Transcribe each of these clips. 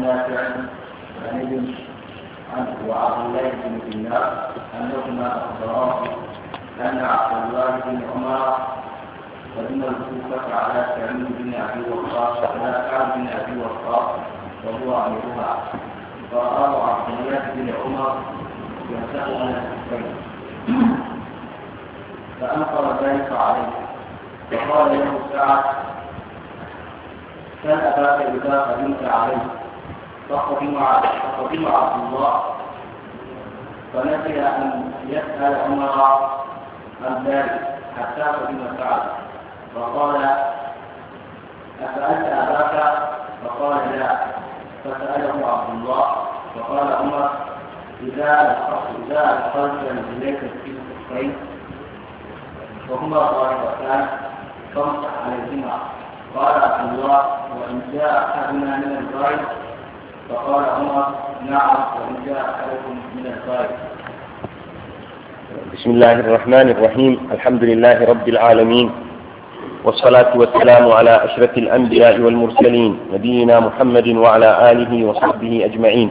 نافع عن ابن الله بن دينار انهما اخبراه ان عبد الله بن عمر قدم الكوفه على سعيد بن ابي وقاص على كعب بن ابي وقاص وهو عليها فرآه عبد الله بن عمر يمسح على الكفين فأنكر ذلك عليه وقال له سعد سل أباك إذا قدمت عليه فقدم فقدم عبد الله فنسي أن يسأل عمر عن ذلك حتى قدم سعد فقال أسألت أباك فقال لا فسأله عبد الله فقال عمر إذا إذا أدخلت منزليك في الصفين وهما ظاهرتان فامسح عليهما قال عبد الله وإن جاء أحدنا من الغيب فقال عمر نعم وإن جاء أحدكم من الخارج بسم الله الرحمن الرحيم الحمد لله رب العالمين والصلاة والسلام على أشرف الأنبياء والمرسلين نبينا محمد وعلى آله وصحبه أجمعين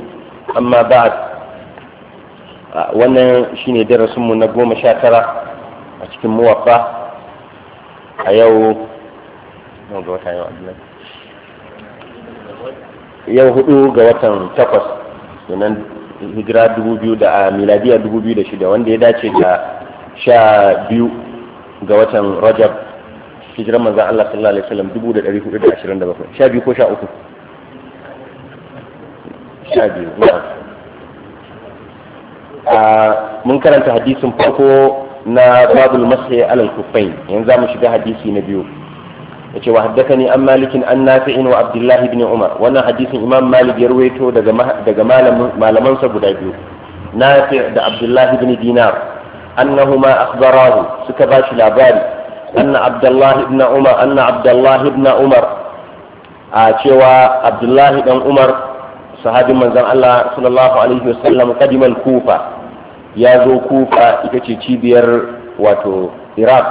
أما بعد وانا shine darasinmu na نقوم sha أشكم موقع أيو muwafa a yau ga yau hudu ga watan takwas sunan hijira dubu biyu da a miladiya dubu biyu da shida wanda ya dace da sha biyu ga watan rajab hijiran manzan Allah sallallahu alaihi wasallam dubu da dari hudu da ashirin da bakwai sha biyu ko sha uku sha biyu mun karanta hadisin farko na babul masai alal kufain yanzu za mu shiga hadisi na biyu yace wa haddathani an malikin an nafi'in wa abdullahi ibn umar wannan hadisin imam malik ya ruwaito daga daga malaman sa guda biyu nafi' da abdullahi ibn dinar annahuma akhbarahu suka ba shi labari anna abdullahi ibn umar anna abdullahi ibn umar a cewa abdullahi dan umar sahabin manzon Allah sallallahu alaihi wasallam kadimal kufa ya zo kufa ita ce cibiyar wato iraq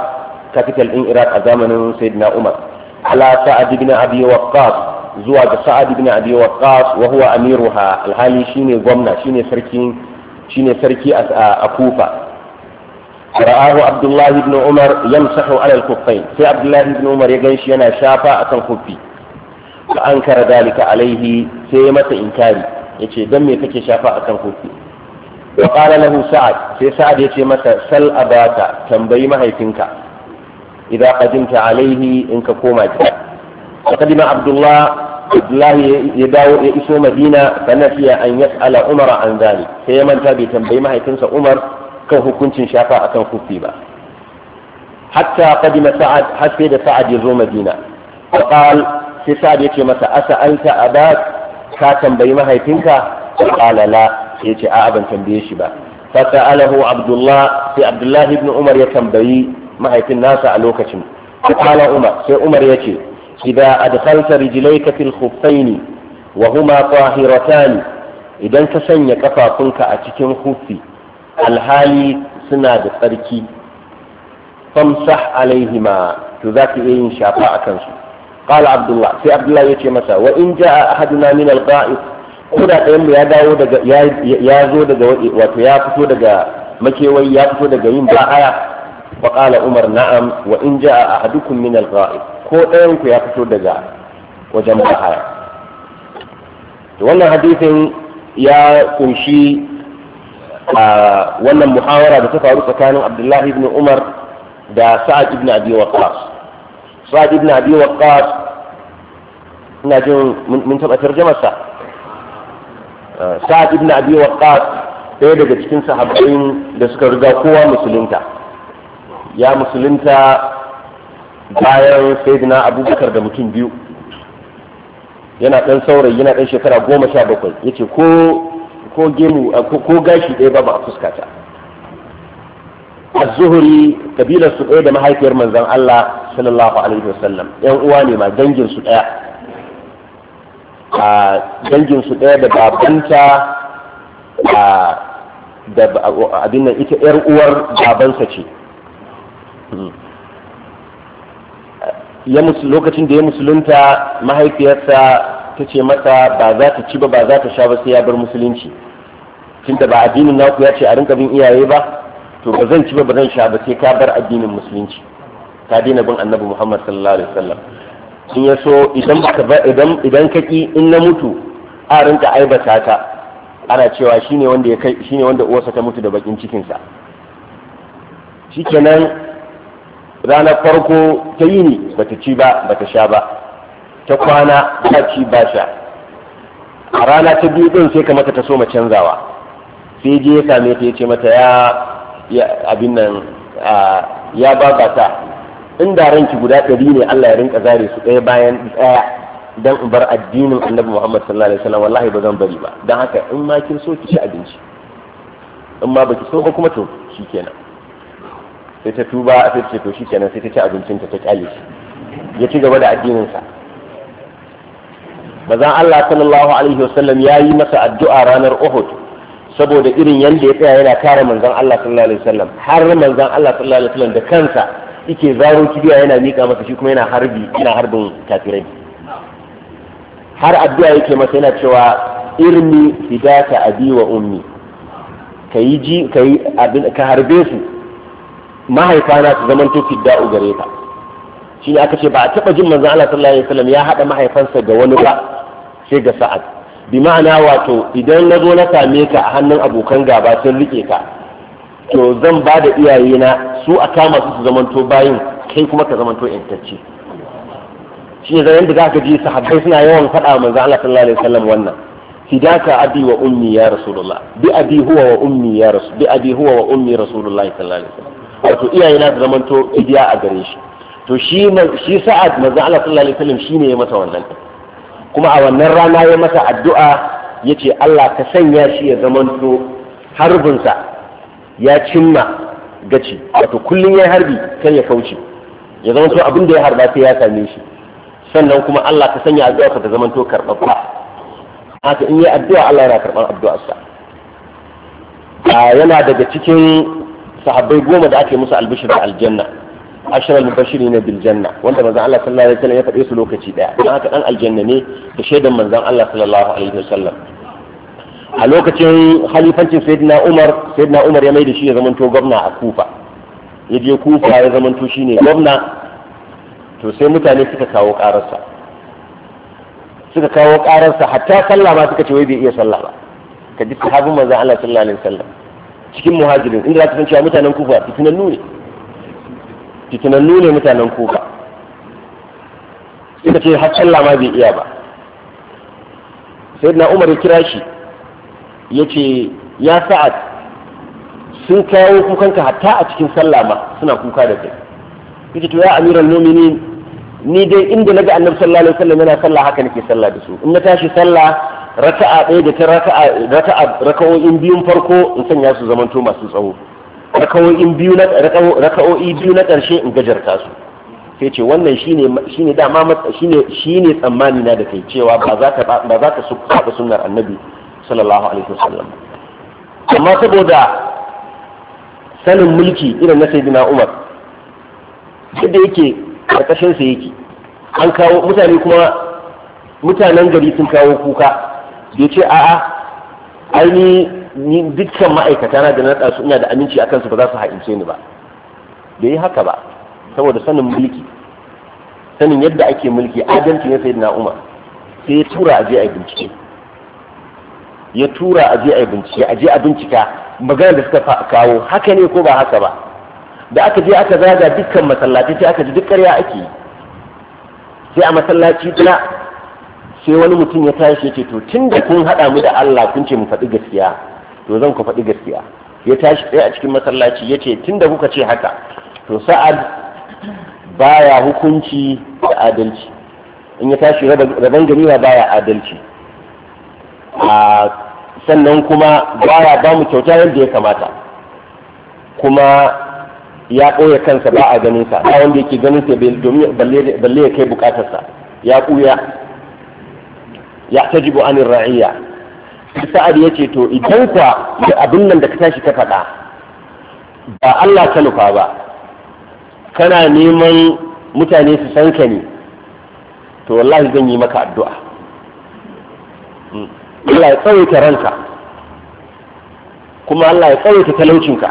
capital din iraq a zamanin sayyidina umar ala sa'ad ibn abi waqqas zuwa ga sa'ad ibn abi waqqas wa huwa amiruha alhali shine gwamna shine sarki a kufa ra'ahu abdullah ibn umar yamsahu ala al-khuffayn sai abdullah ibn umar ya ganshi yana shafa akan khuffi fa ankara dalika alaihi sai ya masa inkari yace dan me kake shafa akan khuffi wa qala lahu sa'ad sai sa'ad ya ce masa sal abata tambayi mahaifinka idza qadimta alaihi in ka koma gida kadima abdullah abdullahi ya dawo ya iso madina fa nafiya an yas'ala umara an zali sai ya manta bai tambayi mahaifinsa umar kan hukuncin shafa akan kufi ba hatta qadima sa'ad har da sa'ad ya zo madina fa qal sai sa'ad yace masa asa'alta abak ka tambayi mahaifinka qala la sai yace a'a ban tambaye shi ba fa sa'alahu sai abdullahi umar ya tambayi mahaifin nasa a lokacin kala umar sai umar yace idza adkhalta rijlayka fil khuffaini wa huma tahiratan idan ka sanya kafafunka a cikin hufi alhali suna da tsarki famsah alaihima to za ka iya yin shafa a kansu kala abdullah sai abdullah yace masa wa in jaa ahaduna min al ko da ɗayan mu ya dawo daga ya zo daga wato ya fito daga makewayi ya fito daga yin ba'aya فقال عمر نعم وإن جاء أحدكم من الغائب ko ɗayan ku ya fito daga wajen bahaya wannan hadisin ya kunshi a wannan muhawara da ta faru tsakanin abdullahi ibn umar da sa'ad ibn abi waqqas sa'ad ibn abi waqqas ina jin mun taɓa tarjamarsa sa'ad ibn abi waqqas ɗaya daga cikin sahabbai da suka riga kowa musulunta ya musulunta bayan saidina abubakar da mutum biyu yana ɗan saurayi yana ɗan shekara goma sha bakwai ya ce ko gashi ɗaya ba ba a fuskata a zuhuri kabilar su ɗaya da mahaifiyar manzan Allah sallallahu alaihi wasallam yan uwa ne ma dangin su ɗaya a dangin su ɗaya da babanta a da abin nan ita yar uwar babansa ce lokacin da ya musulunta mahaifiyarsa ta ce masa ba za ta ci ba ba za ta sha ba sai ya bar musulunci tunda ba addinin naku ya ce a rinka bin iyaye ba to ba zan ci ba ba zan sha ba sai ka bar addinin musulunci ka daina bin annabi muhammad sallallahu alaihi wasallam in ya so idan idan idan ka ki in na mutu a rinka aibata ta ana cewa shine wanda ya kai shine wanda uwarsa ta mutu da bakin cikin sa shikenan ranar farko ta yini ta ci ba ta sha ba ta kwana ba ci ba sha a rana ta biyu din sai kamata ta so ma canzawa sai je ya same ta ya ce mata ya abin nan ya babata in da ranki guda ɗari ne Allah ya rinka zare su ɗaya bayan ɗaya don in bar addinin annabi Muhammad sallallahu alaihi wasallam wallahi ba zan bari ba don haka in ma kin so ki ci abinci in ma baki so ba kuma to shikenan sai ta tuba sai ta ce to kenan sai ta ci abincin ta kyale shi ya ci gaba da addininsa bazan Allah sallallahu alaihi wasallam ya yi masa addu'a ranar Uhud saboda irin yanda ya tsaya yana kare manzon Allah sallallahu alaihi wasallam har manzon Allah sallallahu alaihi wasallam da kansa yake zaro kibiya yana mika masa shi kuma yana harbi yana harbin kafirai har addu'a yake masa yana cewa irmi fidaka abi wa ummi kayi ji kayi abin ka harbe su mahaifana su zaman to fidda'u gare ka shi aka ce ba a taɓa jin manzan Allah sallallahu alaihi wasallam ya haɗa mahaifansa ga wani ba sai ga sa'ad bi ma'ana wato idan na zo na same ka a hannun abokan gaba sun rike ka to zan ba da iyayena su a kama su su to bayin kai kuma ka to intacce shi ne zanen da za ka ji sahabbai suna yawan faɗa manzan Allah sallallahu alaihi wasallam wannan fidaka abi wa ummi ya rasulullah bi abi huwa wa ummi ya rasul bi abi huwa wa ummi rasulullah sallallahu alaihi wasallam wato iyaye na da zamanto kibiya a gare shi to shi shi sa'ad manzo Allah sallallahu alaihi wasallam shine ya masa wannan kuma a wannan rana ya masa addu'a yace Allah ka sanya shi ya zamanto harbin sa ya cimma gaci wato kullun yayin harbi kan ya kauce ya zamanto abin da ya harba sai ya same shi sannan kuma Allah ka sanya addu'a ka ta zamanto karɓaɓɓa haka in yi addu'a Allah yana karɓar addu'arsa yana daga cikin sahabbai goma da ake musu albishir da aljanna ashiral mubashirin bil janna wanda manzan Allah sallallahu alaihi wasallam ya faɗe su lokaci daya dan haka dan aljanna ne da shaidan manzon Allah sallallahu alaihi wasallam a lokacin halifancin sayyidina Umar sayyidina Umar ya mai da shi ya zamanto gwamna a Kufa ya je Kufa ya zamanto shine gwamna to sai mutane suka kawo ƙararsa suka kawo ƙararsa hatta sallah ma suka ce wai bai iya sallah ba ka ji sahabin manzan Allah sallallahu alaihi wasallam cikin muhajirin inda za ta san cewa mutanen kufa fitinannu ne fitinannu ne mutanen kufa suka ce har sallah ma bai iya ba sai na umar ya kira shi ya ce ya sa'ad sun kawo kukanka hatta a cikin sallah ma suna kuka da kai yake to ya amiran nomini ni dai inda ga annabi sallallahu alaihi wasallam yana sallah haka nake sallah da su in na tashi sallah raka'a ɗaya da ta raka'a raka'o'in biyun farko in sanya su to masu tsawo raka'o'in biyu na raka'o'i biyu na ƙarshe in gajarta su sai ce wannan shine shine dama shine shine tsammani na da kai cewa ba za ka ba za ka saba sunnar annabi sallallahu alaihi wasallam amma saboda sanin mulki irin na sayyidina Umar duk da yake karkashin sa yake an kawo mutane kuma mutanen gari sun kawo kuka ya ce a'a aini ni dukkan ma'aikata na da na su ina da aminci a kansu ba za su haƙince ni ba da yi haka ba saboda sanin mulki sanin yadda ake mulki adalci ne sai na umar sai ya tura a je a bincike ya tura a je a bincike a je a bincika magana da suka kawo haka ne ko ba haka ba da aka je aka zaga dukkan masallaci sai aka ji duk ƙarya ake yi sai a masallaci na sai wani mutum ya tashi ya ce to tun da kun haɗa mu da Allah kun ce mu faɗi gaskiya to zan ku faɗi gaskiya ya tashi ɗaya a cikin masallaci ya ce tun da kuka ce haka to sa'ad baya hukunci da adalci in ya tashi rabon ganima baya adalci a sannan kuma baya ba mu kyauta yadda ya kamata kuma ya ɓoye kansa ba a ganinsa a wanda yake ganin sa balle ya kai bukatarsa ya ɓuya ya tajibu anin ra'iya sa'ad ya ce to idan ka da abin nan da ka tashi ka faɗa ba Allah ka nufa ba kana neman mutane su san ka ne to wallahi zan yi maka addu'a hmm. Allah ya tsawaita ranka kuma Allah ya tsawaita talaucinka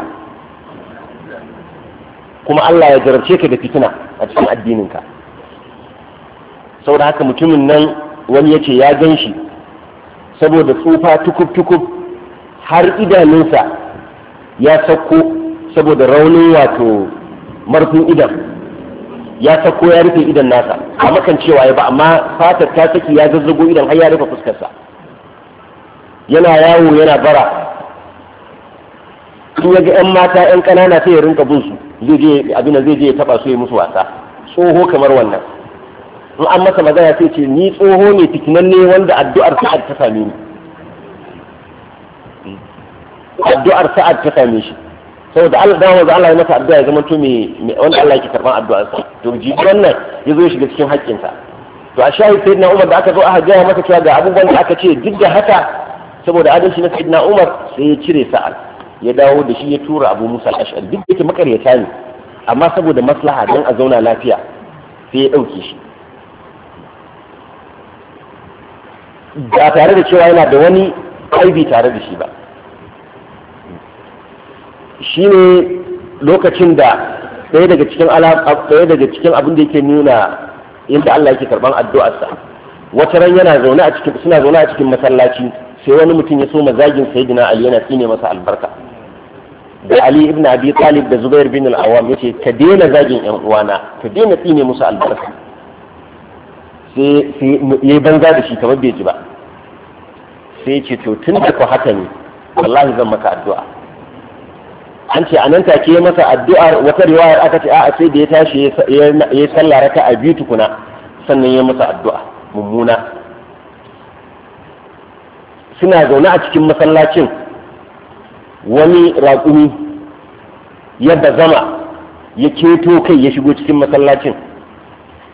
kuma Allah ya jarabce ka da fitina a cikin addininka sau da haka mutumin nan wani ya ce ya gan shi saboda tsufa tukub-tukub har idanunsa ya sauko saboda raunin wato marfin idan ya sauko ya rufe idan nasa a makan cewa ya ba amma fatar ta saki ya zazzago idan har ya rufe fuskarsa yana yawo yana bara in ya ga 'yan mata 'yan ƙanana sai ya rinka bin su zai zai je ya taba su ya musu wasa tsoho kamar wannan in an masa magana sai ce ni tsoho ne ne wanda addu'ar sa'ad ta same ni addu'ar sa'ad ta same shi saboda Allah da wanda Allah ya masa addu'a ya zama to me wanda Allah yake karban addu'ar sa to ji wannan ya zo shiga cikin haƙƙin sa to a shayi sayyidina Umar da aka zo aka gaya masa cewa ga abubuwan da aka ce duk da haka saboda adalci na sayyidina Umar sai ya cire sa'ad ya dawo da shi ya tura Abu Musa al-Ash'ari duk da yake makaryata ne amma saboda maslaha dan a zauna lafiya sai ya dauke shi ba tare da cewa yana da wani aibi tare da shi ba shi ne lokacin da ɗaya daga cikin abin da yake nuna yadda Allah yake karban addu'arsa wata ran yana zaune a cikin suna zaune a cikin masallaci sai wani mutum ya so mazagin sayyidina Ali yana tsine masa albarka da Ali ibn Abi Talib da Zubair bin al-Awwam yace ka daina zagin yan uwana ka daina tsine musu albarka sai sai yayi banza da shi kamar bai ji ba sai ce to tun da ku haka ne wallahi zan maka addu'a an ce anan take ya masa addu'a wata riwaya aka ce a'a sai da ya tashi ya salla raka a biyu tukuna sannan ya masa addu'a mummuna suna zaune a cikin masallacin wani raƙumi yadda zama ya keto kai ya shigo cikin masallacin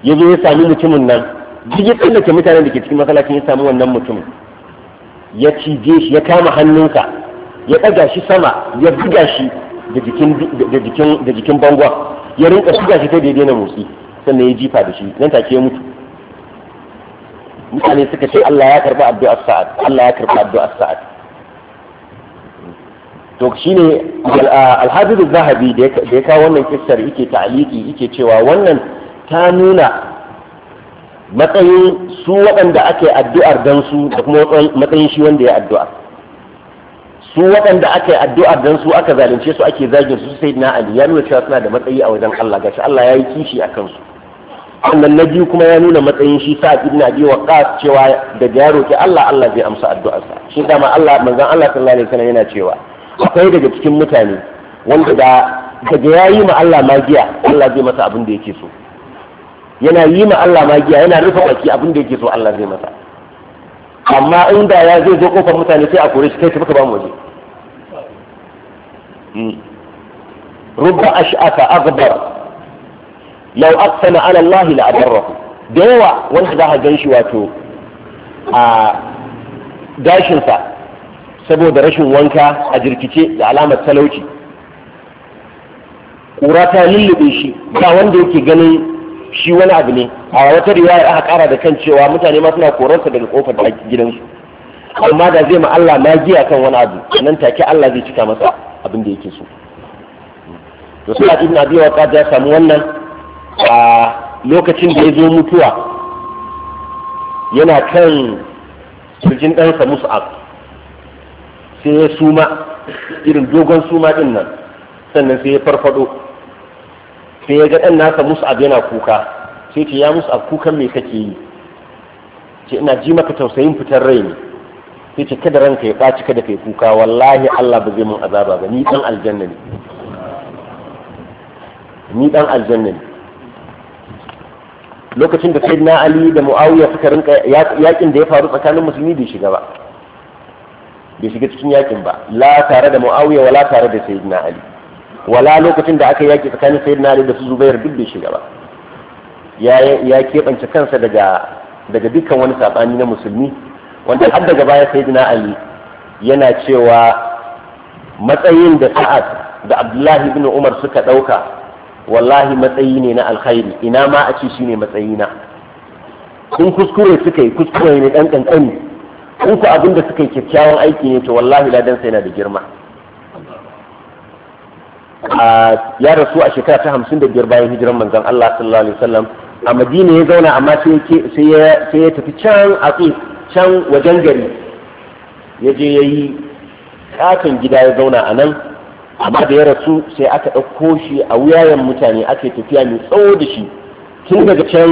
ya zo ya sami mutumin nan duk ya tsallake mutanen da ke cikin masallacin ya sami wannan mutumin ya cije shi ya kama hannunka ya ɗaga shi sama ya buga shi da jikin bangon ya rinka buga shi ta daidai na motsi sannan ya jifa da shi nan take mutu mutane suka ce Allah ya karba addu'ar sa'ad Allah ya karba addu'ar sa'ad to shine al-Hafiz az-Zahabi da ya kawo wannan kissar yake ta'aliki yake cewa wannan ta nuna matsayin su waɗanda ake addu'ar don su da kuma matsayin shi wanda ya addu'a su waɗanda ake addu'ar don su aka zalunce su ake zagin su sai na ali ya nuna cewa suna da matsayi a wajen Allah gashi Allah ya yi kishi a kansu Wannan na biyu kuma ya nuna matsayin shi sa ibn abi waqas cewa da ya roki Allah Allah zai amsa addu'arsa shi dama Allah manzon Allah sallallahu alaihi wasallam yana cewa akwai daga cikin mutane wanda da daga yayi ma Allah magiya Allah zai masa abin da yake so yana yi ma Allah magiya yana rufe baki abin da yake so Allah zai masa amma inda ya zai zo kofar mutane sai a kore shi kai tafi ka ba mu waje hmm. rubba ash'aka aghbar law aqsama ala Allah la da yawa wanda za ka gan shi wato a gashinsa saboda rashin wanka a jirkice da alamar talauci ƙura ta lullube shi ba wanda yake ganin shi wani abu ne a wata riwaya aka kara da kan cewa mutane ma suna koran sa daga kofar gidansu amma da zai ma Allah giya kan wani abu nan take Allah zai cika masa abin da yake so to sai ibn abi waqas ya samu wannan a lokacin da ya zo mutuwa yana kan sirjin ɗansa mus'ab sai ya suma irin dogon suma din nan sannan sai ya farfado sai ya ga ɗan nasa mus'ab yana kuka sai ce ya mus'ab kukan me kake yi ce ina ji maka tausayin fitar rai ne sai ce kada ranka ya ɓaci kada kai kuka wallahi Allah ba zai mun azaba ba ni dan aljanna ne ni dan aljanna ne lokacin da sayyidina Ali da Muawiya suka rinka yakin da ya faru tsakanin musulmi bai shiga ba bai shiga cikin yakin ba la tare da Muawiya wala tare da sayyidina Ali wala lokacin da aka yaki tsakanin sayyidina ali da su zubair duk bai shiga ba ya ya keɓance kansa daga daga dukkan wani sabani na musulmi wanda har daga baya sayyidina ali yana cewa matsayin da sa'ad da abdullahi ibn umar suka ɗauka wallahi matsayi ne na alkhairi ina ma a ce shine na kun kuskure suka yi kuskure ne ɗan ƙanƙani kun ku abin da suka yi kyakkyawan aiki ne to wallahi ladan sai yana da girma ya rasu a shekara ta hamsin da biyar bayan hijiran manzon Allah sallallahu alaihi wasallam a Madina ya zauna amma sai ya tafi can a can wajen gari ya je ya yi katon gida ya zauna a nan amma da ya rasu sai aka ɗauko shi a wuyayen mutane aka tafiya mai tsawo da shi tun daga can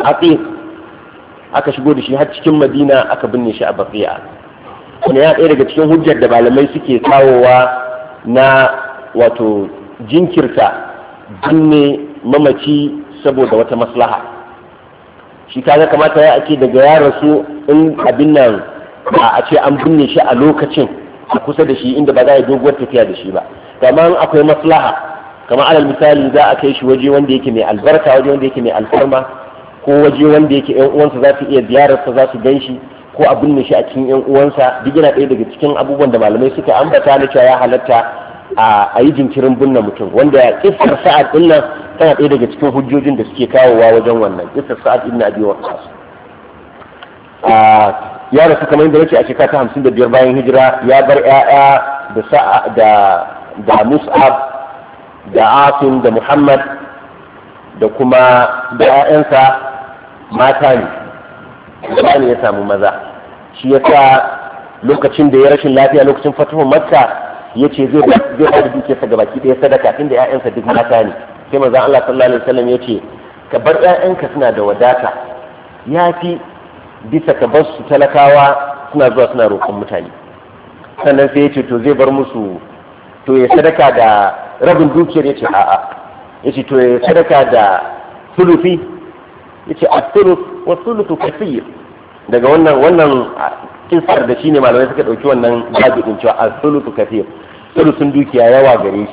a aka shigo da shi har cikin madina aka binne shi a bafiya. wani ya ɗaya daga cikin hujjar da malamai suke kawowa na wato jinkirta binne mamaci saboda wata maslaha shi kaga kamata ya ake daga ya rasu in abin nan a ce an binne shi a lokacin a kusa da shi inda ba za a doguwar tafiya da shi ba kamar akwai maslaha kama alal misali za a kai shi waje wanda yake mai albarka waje wanda yake mai alfarma ko waje wanda yake yan uwansa za su iya ziyararsa za su gan shi ko a binne shi a cikin yan uwansa duk yana ɗaya daga cikin abubuwan da malamai suka ambata na cewa ya halatta a yi jinkirin binne mutum wanda kisar sa'ad din nan tana ɗaya daga cikin hujjojin da suke kawowa wajen wannan kisar sa'ad ibn abi waqqas ya rasu kamar yadda nake a shekara ta hamsin da biyar bayan hijira ya bar 'ya'ya da da mus'ab da asim da muhammad da kuma da 'ya'yansa mata ne da ne ya samu maza shi yasa lokacin da ya rashin lafiya lokacin fatuhun makka ya ce zai ba da dukiyarsa ga baki ɗaya sadaka inda ƴaƴansa duk mata ne sai manzon Allah sallallahu alaihi wasallam ya ce ka bar ƴaƴanka suna da wadata ya fi bisa ka bar su talakawa suna zuwa suna roƙon mutane sannan sai ya ce to zai bar musu to ya sadaka da rabin dukiyar ya ce a'a ya ce to ya sadaka da sulufi ya ce a sulufi wa sulufi kasir daga wannan wannan sa da shi ne malamai suka dauki wannan jabidin cewa al sulutu kathir sulutun dukiya yawa gare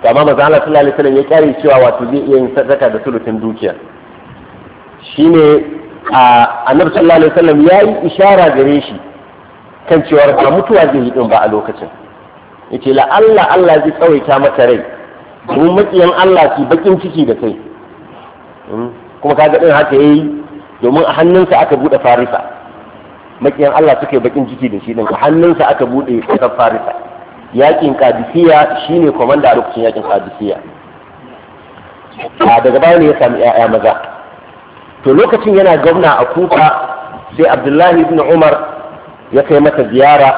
shi amma manzo Allah sallallahu alaihi wasallam ya kare cewa wato zai iya yin sadaka da sulutun dukiya shine a annabi sallallahu alaihi wasallam yi ishara gare shi kan cewa ba mutuwa zai yi din ba a lokacin yace la Allah Allah zai tsawaita maka rai domin makiyan Allah ki bakin ciki da kai hmm? kuma kaga din haka yayi domin a hannunsa aka bude farisa makiyan Allah suka yi bakin ciki da shi din hannunsa aka bude kasar Farisa yakin Qadisiyya shine komanda a lokacin yakin Qadisiyya a daga baya ne ya sami yaya maza to lokacin yana gwamna a Kufa sai Abdullahi ibn Umar ya kai masa ziyara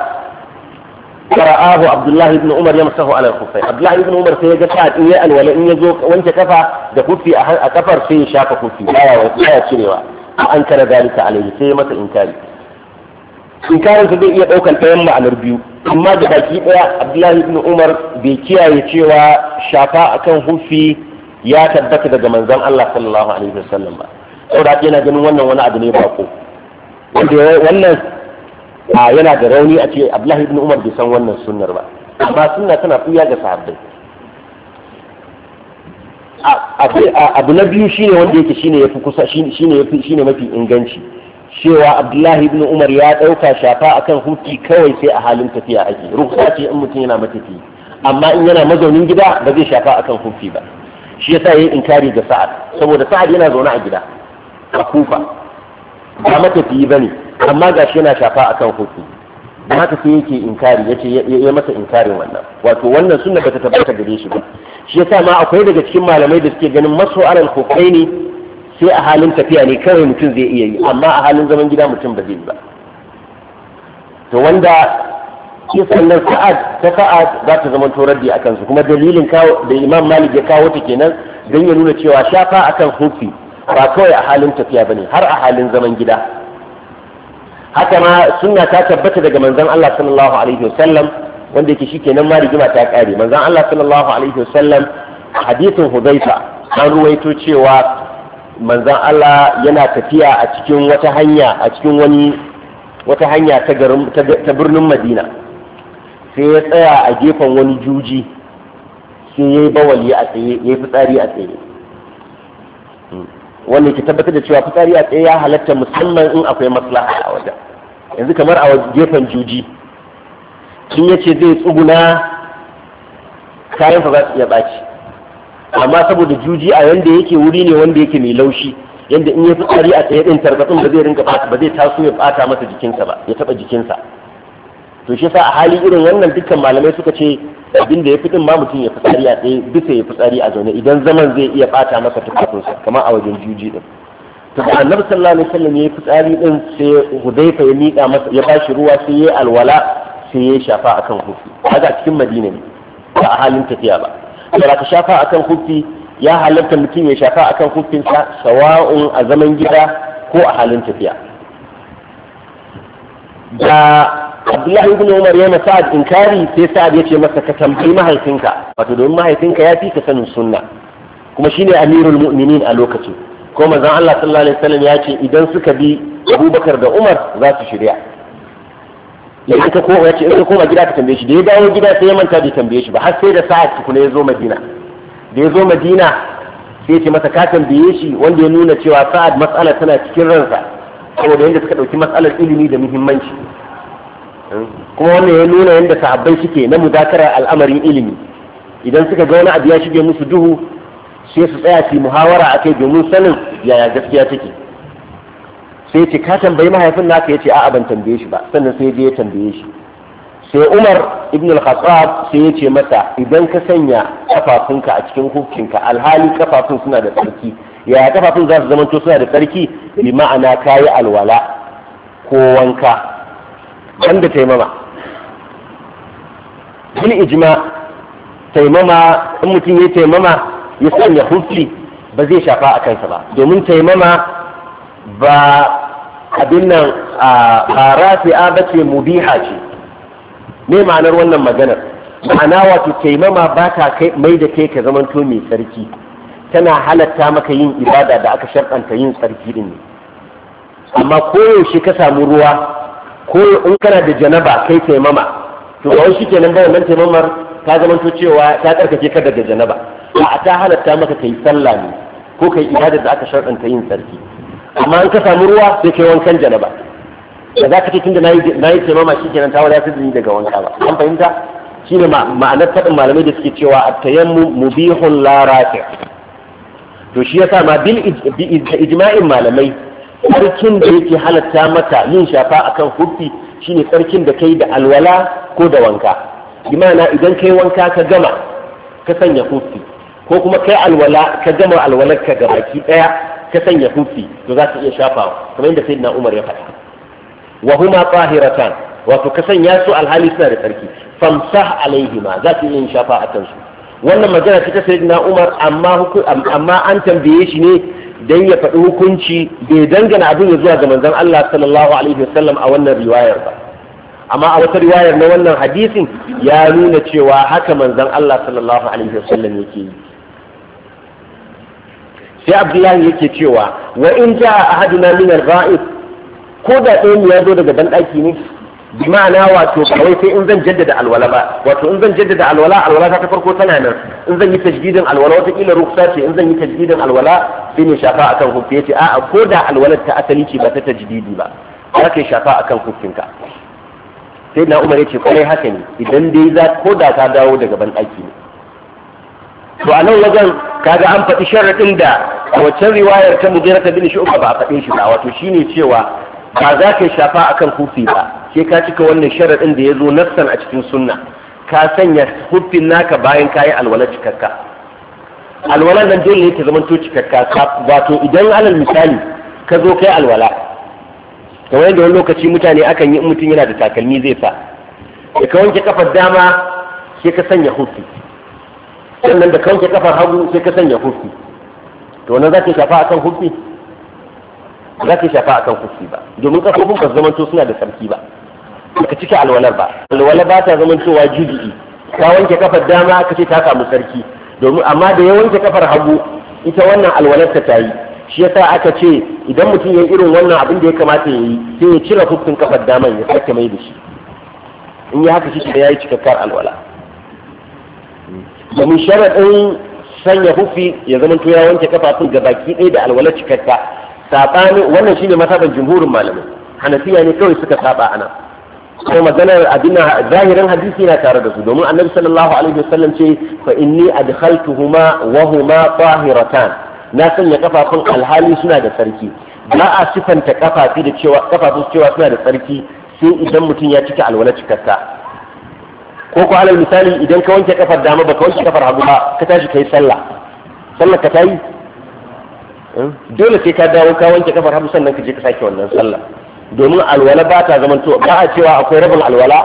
fara'ahu Abdullahi ibn Umar ya masahu ala kufai Abdullahi ibn Umar sai ya ga ta in ya alwala in ya zo wanke kafa da kufi a kafar sai ya shafa kufi ya cirewa an kana dalika alaihi sai ya masa inkari inkarin sa zai iya daukan ɗayan ma'anar biyu amma da baki ɗaya Abdullahi ibn Umar bai kiyaye cewa shafa akan hufi ya tabbata daga manzon Allah sallallahu alaihi wasallam ba saboda yana ganin wannan wani abu ne bako ko. wannan a yana da rauni a ce Abdullahi ibn Umar bai san wannan sunnar ba amma sunna tana fuya ga sahabbai abu na biyu shine wanda yake shine yafi kusa shine yafi shine mafi inganci cewa abdullahi ibn umar ya ɗauka shafa akan huki kawai sai a halin tafiya ake rukusa ce in mutum yana matafi amma in yana mazaunin gida ba zai shafa akan huki ba shi yasa yayi inkari ga sa'ad saboda sa'ad yana zaune a gida a kufa ba ba bane amma gashi yana shafa akan huki da haka sai yake inkari yace ya masa inkarin wannan wato wannan sunna bata tabbata gare shi ba shi yasa ma akwai daga cikin malamai da suke ganin masu alal hukaini sai a halin tafiya ne kawai mutum zai iya yi amma a halin zaman gida mutum ba zai yi ba to wanda kisan nan sa'ad ta sa'ad za ta zama toraddi a kansu kuma dalilin da imam malik ya kawo ta kenan don ya nuna cewa shafa akan hufi ba kawai a halin tafiya ba ne har a halin zaman gida haka ma sunna ta tabbata daga manzon Allah sallallahu alaihi wasallam wanda yake shikenan ma rigima ta kare manzon Allah sallallahu alaihi wasallam hudaifa an ruwaito cewa manzan Allah yana tafiya a cikin wata hanya a cikin wani wata hanya ta birnin madina sai ya tsaya a gefen wani juji sai ya yi bawali a tsaye ya yi fitsari a tsaye wanda ke tabbatar da cewa fitsari a tsaye ya halatta musamman in akwai maslaha a wajen yanzu kamar a gefen juji tun ya ce zai tsuguna kayan fa za su iya ɓaci amma saboda juji a yanda yake wuri ne wanda yake mai laushi yanda in ya fitsari a tsaye din tarkatsun ba zai rinka ba zai taso ya bata masa jikinsa ba ya taba jikinsa to shi yasa a hali irin wannan dukkan malamai suka ce abin da ya fi din ma mutum ya fitsari a tsaye bisa ya fitsari a zaune idan zaman zai iya bata masa tufafinsa kamar a wajen juji din to da annabi sallallahu alaihi wasallam ya fitsari din sai hudayfa ya miƙa masa ya bashi ruwa sai ya alwala sai ya shafa akan hufi haka cikin madina ne ba a halin tafiya ba saboda ka shafa a kan kufi ya halarta mutum ya shafa a akan sa sawa'un a zaman gida ko a halin tafiya da Abdullahi ibn Umar yana in inkari sai Sa'ad ya ce masa ka tambayi mahaifinka wato domin mahaifinka ya fi ka sanin sunna kuma shine amirul mu'minin a lokacin ko manzon Allah sallallahu alaihi wasallam ya ce idan suka bi Abubakar da Umar za su shirya idan ka koma ya ce in ka koma gida ka tambaye shi da ya dawo gida sai ya manta bai tambaye shi ba har sai da sa'a tukuna ya zo madina da ya zo madina sai ce masa ka tambaye shi wanda ya nuna cewa sa'ad matsalar tana cikin ransa saboda yadda suka ɗauki matsalar ilimi da muhimmanci hmm? kuma wannan ya nuna yadda sahabbai suke na mudakarar al'amarin ilimi idan suka ga wani abu ya shige musu duhu sai su tsaya su muhawara akai domin sanin yaya gaskiya take sai ce ka tambayi mahaifin naka ya ce a'a ban tambaye shi ba sannan sai je ya tambaye shi sai umar ibn al sai ya ce mata idan ka sanya kafafunka a cikin hukunka alhali kafafun suna da tsarki ya kafafun za su zama to suna da tsarki bi ma'ana kayi alwala ko wanka banda taimama bil ijma taimama in mutum ya taimama ya sanya hukunci ba zai shafa a kansa ba domin taimama ba abin nan ba rafi'a bace ce mubiha ce me ma'anar wannan maganar ma'ana wato taimama ba ta mai da kai ka zamanto mai tsarki tana halatta maka yin ibada da aka sharɗanta yin tsarki din ne amma koyaushe ka samu ruwa ko in kana da janaba kai taimama to ba shi ke nan taimamar ta zamanto cewa ta karkace ka daga janaba a ta halatta maka kai sallah ne ko kai ibada da aka sharɗanta yin tsarki amma an ka samu ruwa sai kai wankan janaba da za ka ce tunda na yi taimama shi kenan ta wadatar da ni daga wanka ba an fahimta shi ne ma'anar faɗin malamai da suke cewa a mu, mubihun la to shi yasa ma bil ijma'in malamai tsarkin da yake halatta mata yin shafa akan huffi shine tsarkin da kai da alwala ko da wanka imana idan kai wanka ka gama ka sanya huffi ko kuma kai alwala ka gama alwalar ka baki ɗaya. ta sanya hufi to za ta iya shafawa kamar yadda sayyidina Umar ya faɗa wa huma tahiratan wato ka sanya su alhali suna da tsarki famsah alaihima za ta iya yin shafa a kansu wannan magana ce ta sayyidina Umar amma amma an tambaye shi ne dan ya faɗi hukunci bai dangana abin ya zuwa ga manzon Allah sallallahu alaihi wasallam a wannan riwayar ba amma a wata riwayar na wannan hadisin ya nuna cewa haka manzon Allah sallallahu alaihi wasallam yake yi sai abdullahi yake cewa wa in ja ahaduna min al-ghaib ko da ɗaya mu ya zo daga banɗaki ne bi ma'ana wato ba sai in zan jaddada alwala ba wato in zan jaddada alwala alwala ta farko tana nan in zan yi tajdidin alwala wata kila ruksa ce in zan yi tajdidin alwala sai ne shafa akan hukki yace a'a ko da alwala ta asali ce ba ta tajdidi ba za ka shafa akan hukkinka sai na umar yace kwarai haka ne idan dai za ko da ka dawo daga banɗaki ne to a nan wajen kaga an faɗi sharaɗin da a waccan riwayar ta mujera ta bin shu'ba ba a faɗin shi ba wato shine cewa ba za ka shafa a kan kufi ba sai ka cika wannan sharaɗin da ya zo nassan a cikin sunna ka sanya hufin naka bayan ka yi alwala cikakka alwala nan dole ne ta zama to cikakka wato idan alal misali ka zo kai alwala kamar yadda wani lokaci mutane akan yi mutum yana da takalmi zai sa ka wanke kafar dama sai ka sanya hufi sannan da kauke kafar hagu sai ka sanya hufi to wannan za ka shafa akan hufi za ka shafa akan hufi ba domin kafofin ba su zamanto suna da sarki ba ka cike alwalar ba alwala ba ta zamantowa jubi'i ka wanke kafar dama ka ce ta samu sarki domin amma da ya wanke kafar hagu ita wannan alwalar ta yi shi yasa aka ce idan mutum ya irin wannan abin da ya kamata ya yi sai ya cire hukun kafar dama ya sake mai da shi in ya haka shi ya yi cikakkar alwala domin sharaɗin sanya hufi ya zama to ya wanke kafafun ga baki ɗaya da alwala cikakka saɓani wannan shine masaban jumhurin malamai hanafiya ne kawai suka saba ana ko maganar abin zahirin hadisi na tare da su domin annabi sallallahu alaihi wasallam ce fa inni adkhaltuhuma wa huma tahiratan na sanya kafafun alhali suna da tsarki ba a sifanta kafafi da cewa cewa suna da tsarki sai idan mutum ya cika alwala cikakka ko ko alal misali idan ka wanke kafar dama ba ka wanke kafar hagu ba ka tashi kai sallah sallah ka tayi hmm? dole sai ka dawo ka wanke kafar hagu sannan ka je ka sake wannan sallah domin alwala ba ta zaman to ba a cewa akwai rabin alwala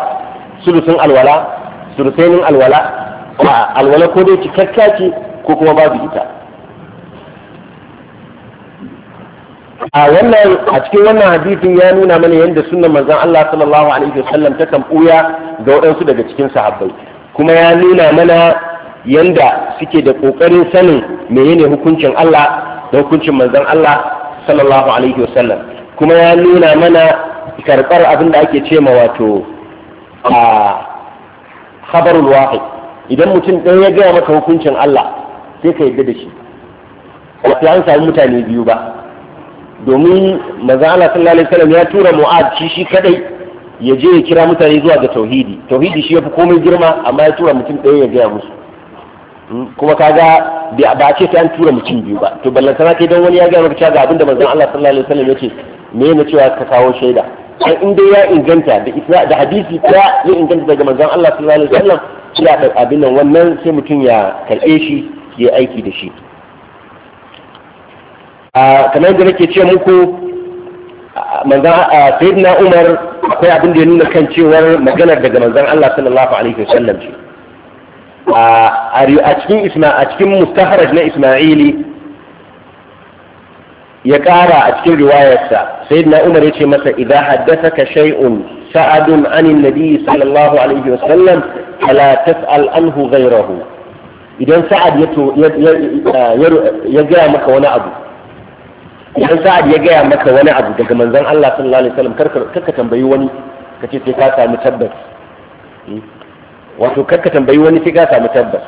sulusun alwala sulusainin alwala alwala ko dai cikakka ce ko kuma babu ita a wannan a cikin wannan hadisin ya nuna mana yadda sunnan manzon Allah sallallahu alaihi wasallam ta kan buya ga waɗansu daga cikin sahabbai kuma ya nuna mana yadda suke da kokarin sanin menene hukuncin Allah da hukuncin manzon Allah sallallahu alaihi wasallam kuma ya nuna mana karɓar abin da ake ce ma wato a khabarul wahid idan mutum ɗaya ya gaya maka hukuncin Allah sai ka yadda da shi ba an samu mutane biyu ba domin manzon Allah sallallahu alaihi wasallam ya tura Mu'ad shi shi kadai ya je ya kira mutane zuwa ga tauhidi tauhidi shi yafi komai girma amma ya tura mutum ɗaya ya gaya musu hmm? kuma kaga ba a ce ta an tura mutum biyu ba to ballantana kai don wani ya gaya maka ga abinda manzon Allah sallallahu alaihi wasallam ce me yana cewa ka kawo shaida sai in dai ya inganta da isra da hadisi ta ya inganta daga manzon Allah sallallahu alaihi wasallam shi abin nan wannan sai mutum ya karbe shi ya aiki da shi kamar yadda nake ce muku manzan sayyidina umar akwai abin da ya nuna kan cewar maganar daga manzan Allah sallallahu alaihi wasallam ce a cikin isma a cikin mustaharaj na isma'ili ya kara a cikin riwayarsa sayyidina umar ya ce masa idan haddasa ka shay'un sa'adun anin nabi sallallahu alaihi wasallam fala tas'al anhu ghayrahu idan sa'ad ya ya gaya maka wani abu idan sa'ad ya gaya maka wani abu daga manzon Allah sallallahu alaihi wasallam kar ka tambayi wani kace sai ka samu tabbas hmm? wato kar ka tambayi wani sai ka samu tabbas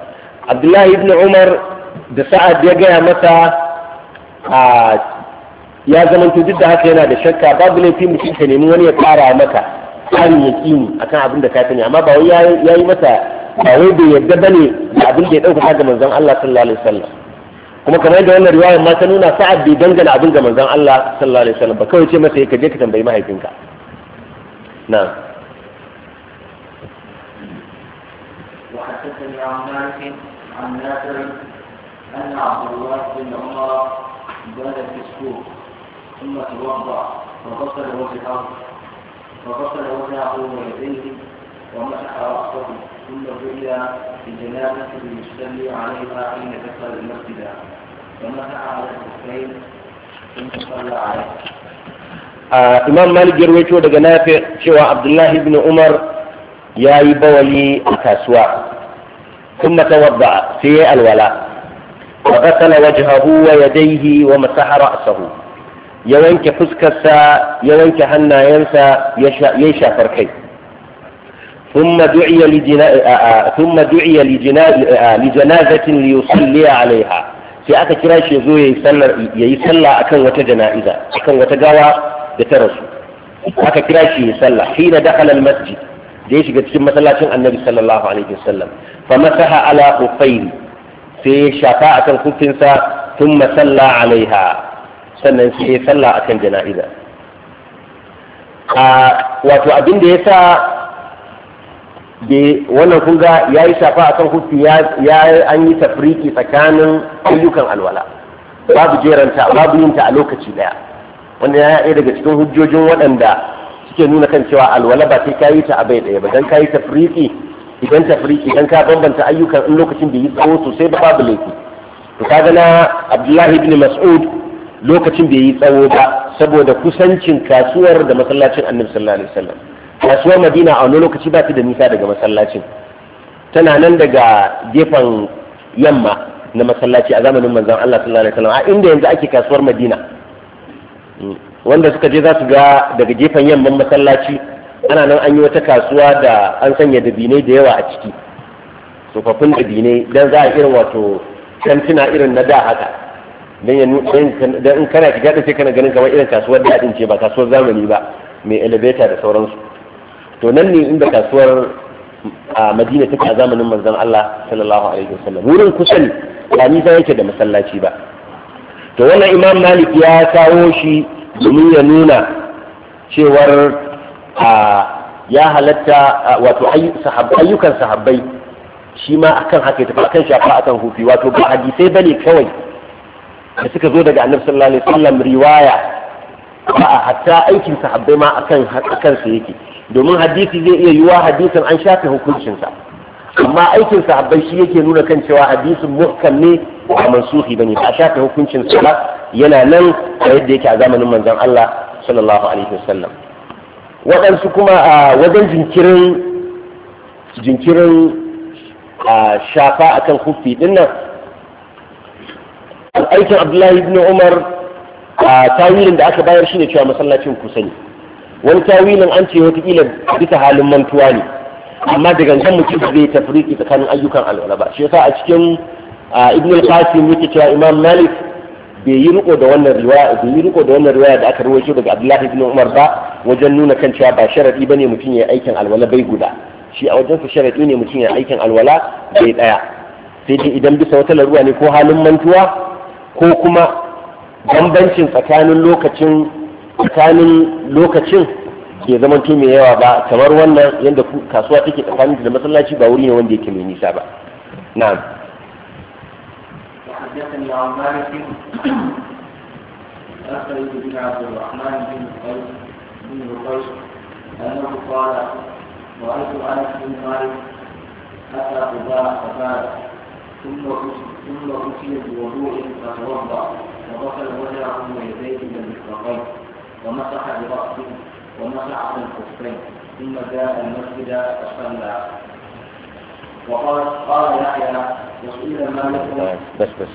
Abdullahi ibn Umar da sa'ad ya gaya masa a ya zamanto duk da haka yana da shakka babu laifi mutum ka nemi wani ya kara maka tsarin yaƙini akan abin da ka sani amma ba wai ya yi masa ba wai bai yadda bane da abin da ya ɗauka ga manzon Allah sallallahu alaihi wasallam kuma kamar yadda wannan riwayar ma ta nuna sa'ad bai dangana abin ga manzon Allah sallallahu alaihi wasallam ba kawai ce masa ka je ka tambayi mahaifinka na وحدثني ثم توضأ فغسل وجهه فغسل وجهه ويديه ومن أراقه كل رؤيا بجنابة المسلي عليها حين دخل المسجد ومنع على الحسين ثم صلى عليه آه امام مالك جرويتو دغه نافع شو عبد الله بن عمر يا يبولي الكسوا ثم توضع في الولاء وغسل وجهه ويديه ومسح راسه يوينك فسكسا يوينك هنا ينسى يشا يشا فركي ثم دعي لجنا... ثم دعي لجنا... لجنازة ليصلي عليها sai aka kira shi zo ya sallah akan wata jana'iza akan wata gawa da ta aka kira shi ya sallah shi na dakhala masjid da ya shiga cikin masallacin annabi sallallahu alaihi wasallam fa ala khuffayn sai ya shafa akan khuffinsa thumma sannan sallah akan jana'iza wato abin yasa Eh, wannan kun ga ya yi shafa kan hutu ya an yi tafriki tsakanin ayyukan alwala babu jeranta babu yin ta a lokaci daya wanda ya yi daga cikin hujjojin waɗanda suke nuna kan cewa alwala ba sai kayi ta a bai daya ba dan kayi tafriki idan tafriki idan ka bambanta ayyukan in lokacin da yi tsawo sosai ba babu laifi to ka gana Abdullahi ibn Mas'ud lokacin da yi tsawo ba saboda kusancin kasuwar da masallacin Annabi sallallahu alaihi wasallam kasuwar madina a wani lokaci ba ta da nisa daga masallacin tana nan daga gefen yamma na masallaci a zamanin manzon Allah sallallahu alaihi wasallam a inda yanzu ake kasuwar madina hmm. wanda suka je za su ga daga gefen yamman masallaci ana nan an yi wata kasuwa da an sanya dabine da yawa a ciki tsofaffin dabine, don za a irin wato kantina irin na da haka don in kana shiga da sai kana ganin kamar irin kasuwar da ce ba kasuwar zamani ba mai elevator da sauransu to nan ne inda kasuwar a madina take a zamanin manzon Allah sallallahu alaihi wasallam wurin kusan ba sai yake da masallaci ba to wannan imam malik ya kawo shi domin ya nuna cewar a ya halatta wato ayyukan sahabbai shi ma akan haka tafi akan shafa akan hufi wato ba hadisai bane kawai da suka zo daga annabi sallallahu alaihi wasallam riwaya ba hatta aikin sahabbai ma akan akan sa yake domin hadisi zai iya yiwa hadisin an shafe hukuncinsa amma aikin sahabbai shi yake nuna kan cewa hadisin muhkam ne ba mansuhi bane ba shafe hukuncin sa yana nan a yadda yake a zamanin manzon Allah sallallahu alaihi wasallam waɗansu kuma a wajen jinkirin jinkirin a shafa akan hufi din nan aikin Abdullahi ibn Umar a tawilin da aka bayar shine cewa masallacin kusa ne wani tawilin an ce watakila bisa halin mantuwa ne amma da gangan mutum zai tafriki tsakanin ayyukan alwala ba shi yasa a cikin ibn al-qasim yake cewa imam malik bai yi riko da wannan riwaya bai yi riko da wannan riwaya da aka rawaito daga abdullahi ibn umar ba wajen nuna kan cewa ba sharadi bane mutum ya aikin alwala bai guda shi a wajen sa sharadi ne mutum ya aikin alwala bai daya sai dai idan bisa wata laruwa ne ko halin mantuwa ko kuma bambancin tsakanin lokacin tsakanin lokacin ke zaman mai yawa ba kamar wannan yadda kasuwa take tsakanin da masallaci ba wuri ne wanda yake mai nisa ba na'am عن مالك أخرج بن عبد الرحمن بن قيس بن قيس أنه قال رأيت أنس بن مالك أتى قباء ثم ثم أتي بوضوء فتوضأ فغسل وجهه ويديه من المرفقين ومسح برأسه ومسح على الخفين ثم جاء المسجد فصلى وقال قال يحيى وسئل مالك بس بس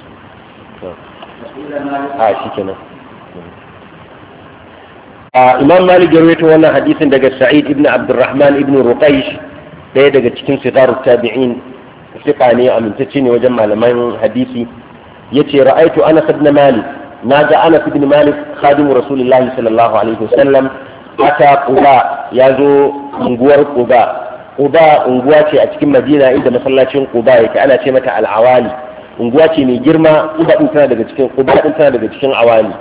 وسئل مالك اه شكرا Imam Malik ya rawaito wannan hadisin daga Sa'id ibn Abdurrahman ibn Ruqaysh ɗaya daga cikin sigaru tabi'in siqa ne amintacce ne wajen malaman hadisi yace ra'aitu Anas ibn Malik na ga Anas ibn Malik khadimu Rasulullahi sallallahu alaihi wasallam ya zo unguwar Quba Quba unguwa ce a cikin Madina inda masallacin Quba yake ana ce mata al'awali unguwa ce mai girma Quba din tana daga cikin din tana daga cikin Awali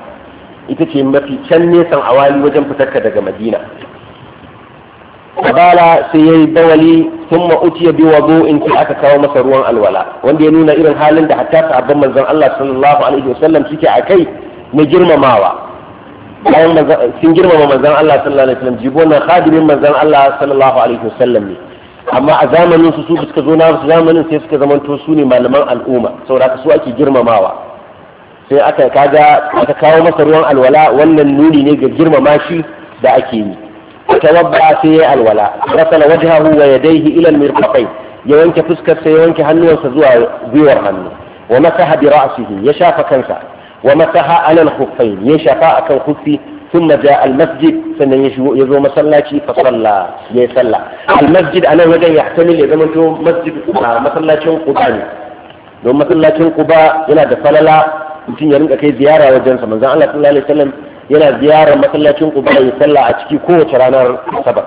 ita ce mafi can nesan Awali wajen fitarta daga Madina kabala sai ya yi bawali sun ma'utiya bi wazo in ce aka kawo masa ruwan alwala wanda ya nuna irin halin da hatta sahabban manzon Allah sallallahu alaihi wasallam suke a kai na girmamawa bayan sun girmama manzon Allah sallallahu alaihi wasallam jibo na khadimin manzon Allah sallallahu alaihi wasallam ne amma a zamanin su su suka zo na zamanin sai suka zamanto su ne malaman al'umma saboda su ake girmamawa sai aka kaga aka kawo masa ruwan alwala wannan nuni ne ga girmama shi da ake yi وتوضأ في الولاء غسل وجهه ويديه إلى المرفقين يوانك فسكت يوانك هنو وسزوى بيور هنو ومسح برأسه يشاف كنسا ومسح على الخفين يشفاء كان خفي ثم جاء المسجد سنة يزو مسلاتي فصلى يسلى المسجد أنا وجه يحتمل إذا ما مسجد قباء مسلاتي قباني لو مسلاتي قباء إلى دفللا mutum ya rinka kai ziyara wajensa manzon Allah sallallahu alaihi wasallam yana ziyarar masallacin Quba ya sallah a ciki kowace ranar Asabar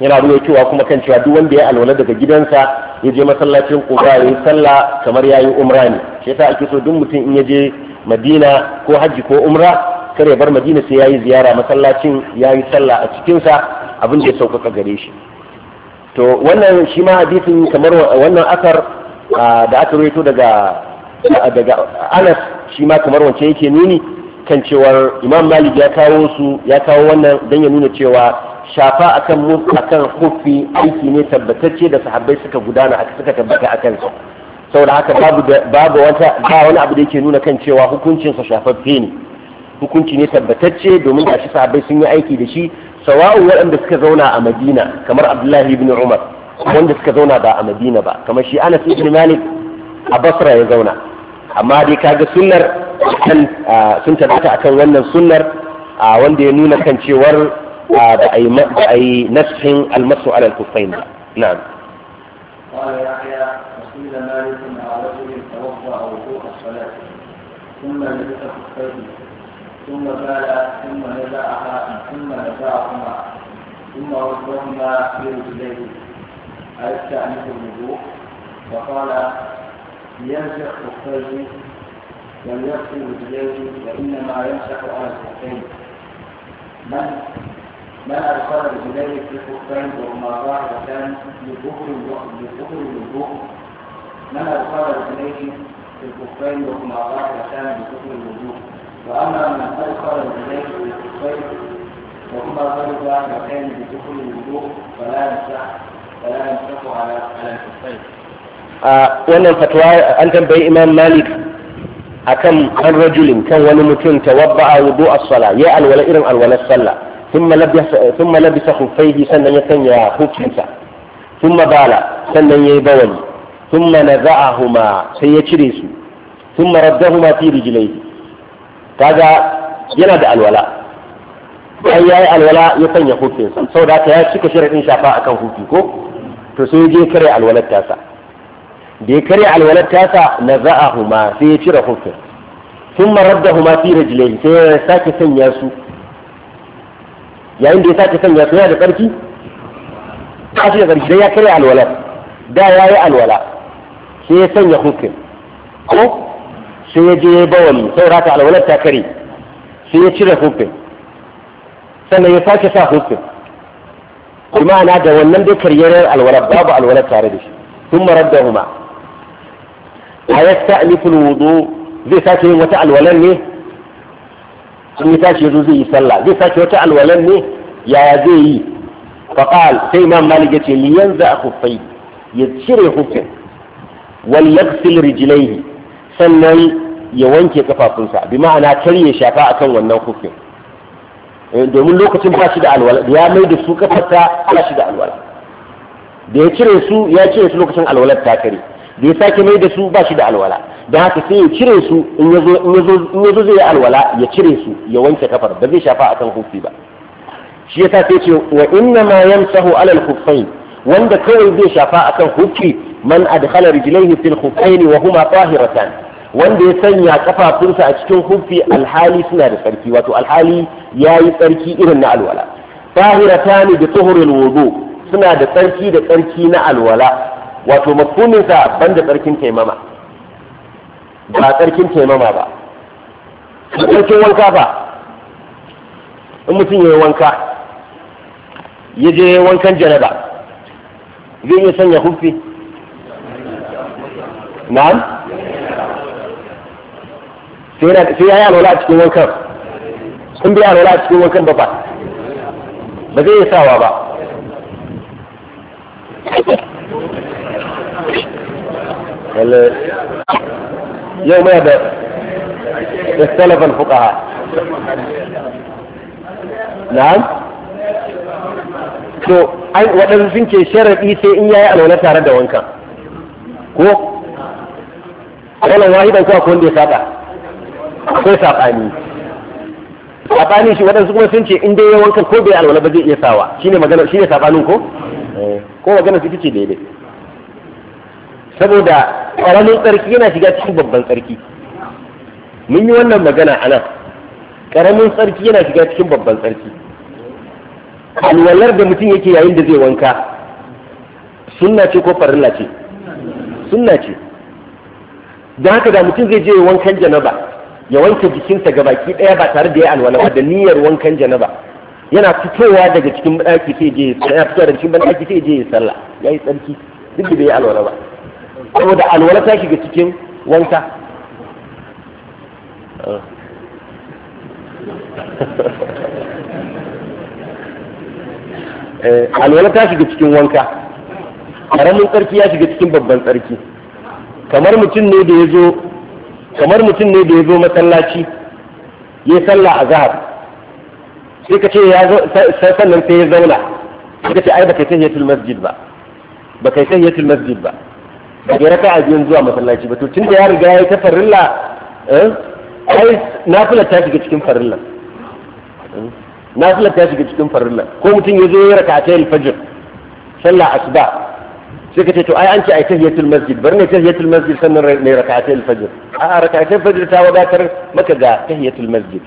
yana ruwa cewa kuma kan cewa duk wanda ya alwala daga gidansa ya je masallacin uba ya sallah kamar yi umra ne shi yasa ake so duk mutum in ya je Madina ko Hajji ko Umra kare bar Madina sai ya yi ziyara masallacin ya yi sallah a cikinsa, abin da ya sauƙaƙa gare shi to wannan shi ma hadisin kamar wannan asar ah, da aka rawaito daga daga Anas shi ma kamar wance yake nuni kan cewar imam malik ya kawo su ya kawo wannan don ya nuna cewa shafa akan akan hufi aiki ne tabbatacce da sahabbai suka gudana a suka tabbata akan su saboda haka babu babu wata ba wani abu da yake nuna kan cewa hukuncin sa shafaffe ne hukunci ne tabbatacce domin da shi sahabbai sun yi aiki da shi sawa'u waɗanda suka zauna a madina kamar abdullahi ibn umar wanda suka zauna ba a madina ba kamar shi anas ibn malik a basra ya zauna amma dai kaga sunnar kan sun tabbata akan wannan sunnar wanda ya nuna kan cewar ba a yi nashin almasu alal kufain ba na'am قال يحيى مالك توضا وضوء الصلاه ثم لبس ثم ثم نزعها ثم نزعهما ثم ردهما في رجليه أيستأنف الوضوء فقال يمسح خفيه لم يغسل رجليه وإنما يمسح على الخفين من من ارسل رجليه في الخفين وهما ظاهرتان لظهر لظهر الوضوء من ارسل رجليه في الخفين وهما ظاهرتان لظهر الوضوء وأما من ارسل رجليه في الخفين وهما غير ظاهرتان لظهر الوضوء فلا يمسح فلا يمسح على على الخفين. wannan fatuwa an tambayi امام مالك akan an rajulin kan wani mutum tawabba'a wudu as-sala ya alwala irin alwalar sallah sun labisa thumma labisa khuffaihi sannan ya sanya hukunsa sun bala sannan ya yi bawali sun thumma naza'ahuma sai ya cire su thumma raddahuma fi rijlaihi kaga yana da alwala bayan yayi alwala ya sanya hukunsa saboda haka ya cika shirin shafa akan hukki ko to sai ya je kare alwalar tasa da ya karya alwalar tasa na za'ahuma sai ya cire hufin sun marar da huma fi rajilai sai ya sake sanya su yayin da ya sake sanya su yana da ƙarfi ta shi da ƙarfi dai ya karya alwalar da ya yi alwala sai ya sanya hufin ko sai ya je ya bawali saura ta alwalar ta kare sai ya cire hufin sannan ya sake sa hufin kuma ana da wannan dai karyar alwalar babu alwalar tare da shi sun marar da huma a ya ta'alifin wudu zai sake yin wata alwalan ne in ya tashi yazo zai yi sallah zai sake wata alwalan ne yaya zai yi faqal sai imam malik ni yanzu a khuffai ya cire hukun wal yaghsil rijlaihi sannan ya wanke kafafunsa bi ma'ana kar ya shafa akan wannan hukun domin lokacin ba shi da alwala ya mai da su kafarta ba shi da alwala da ya cire su ya cire su lokacin alwalar ta kare da sake mai da su ba shi da alwala don haka sai ya cire su in ya zo zai yi alwala ya cire su ya wanke kafar ba zai shafa akan hufi ba shi yasa sai ce wa inna ma yamsahu alal khuffain wanda kawai zai shafa akan hufi man adkhala rijlaihi fil ne wa huma tahiratan wanda ya sanya kafafunsa a cikin hufi alhali suna da tsarki wato alhali yayi tsarki irin na alwala tahiratan bi tuhuril wudu suna da tsarki da tsarki na alwala wato mafhuminsa da tsarkin taimama ba tsarkin taimama ba tsarkin wanka ba in mutum ya yi wanka ya je wankan janaba zai iya sanya hufi na'am sai ya yi alwala a cikin wankan sun bi alwala a cikin wankan ba ba ba zai iya sawa ba yau mai da istalafan fukaha na'am to waɗansu sun ce sharaɗi sai in yayi alwala tare da wankan ko wannan wahidan ko akwai wanda ya saba akwai sabani shi waɗansu kuma sun ce in dai ya ko bai alwala ba zai iya sawa shine magana ko ko magana daidai saboda ƙaramin tsarki yana shiga cikin babban tsarki mun yi wannan magana a nan ƙaramin tsarki yana shiga cikin babban tsarki alwalar da mutum yake yayin da zai wanka sunna ce ko farilla ce sunna ce don haka da mutum zai je wankan janaba ya wanke jikinsa gabaki ɗaya ba tare da ya alwala da niyyar wankan janaba yana fitowa daga cikin banɗaki sai je ya sallah ya yi tsarki duk da bai alwala ba saboda alwala ta shiga cikin wanka eh, alwala ta shiga cikin wanka ƙaramin tsarki ya shiga cikin babban tsarki kamar mutum ne da ya zo kamar mutum ne da ya zo masallaci ya sallah a zahar sai ka ce ya sannan sai ya zauna sai ka ce ai baka yi tahiyatul masjid ba ba kai sanya tahiyatul masjid ba ba ya raka a biyan zuwa masallaci ba to tun da ya riga ya ta farilla eh, ai nafila ta shiga cikin farilla nafila ta shiga cikin farilla ko mutum ya zo ya raka ta alfajir sallah asuba sai ka ce to ai an ce ai tahiyatul masjid bar ne tahiyatul masjid sannan ne raka ta alfajir a raka ta alfajir ta wadatar maka ga tahiyatul masjid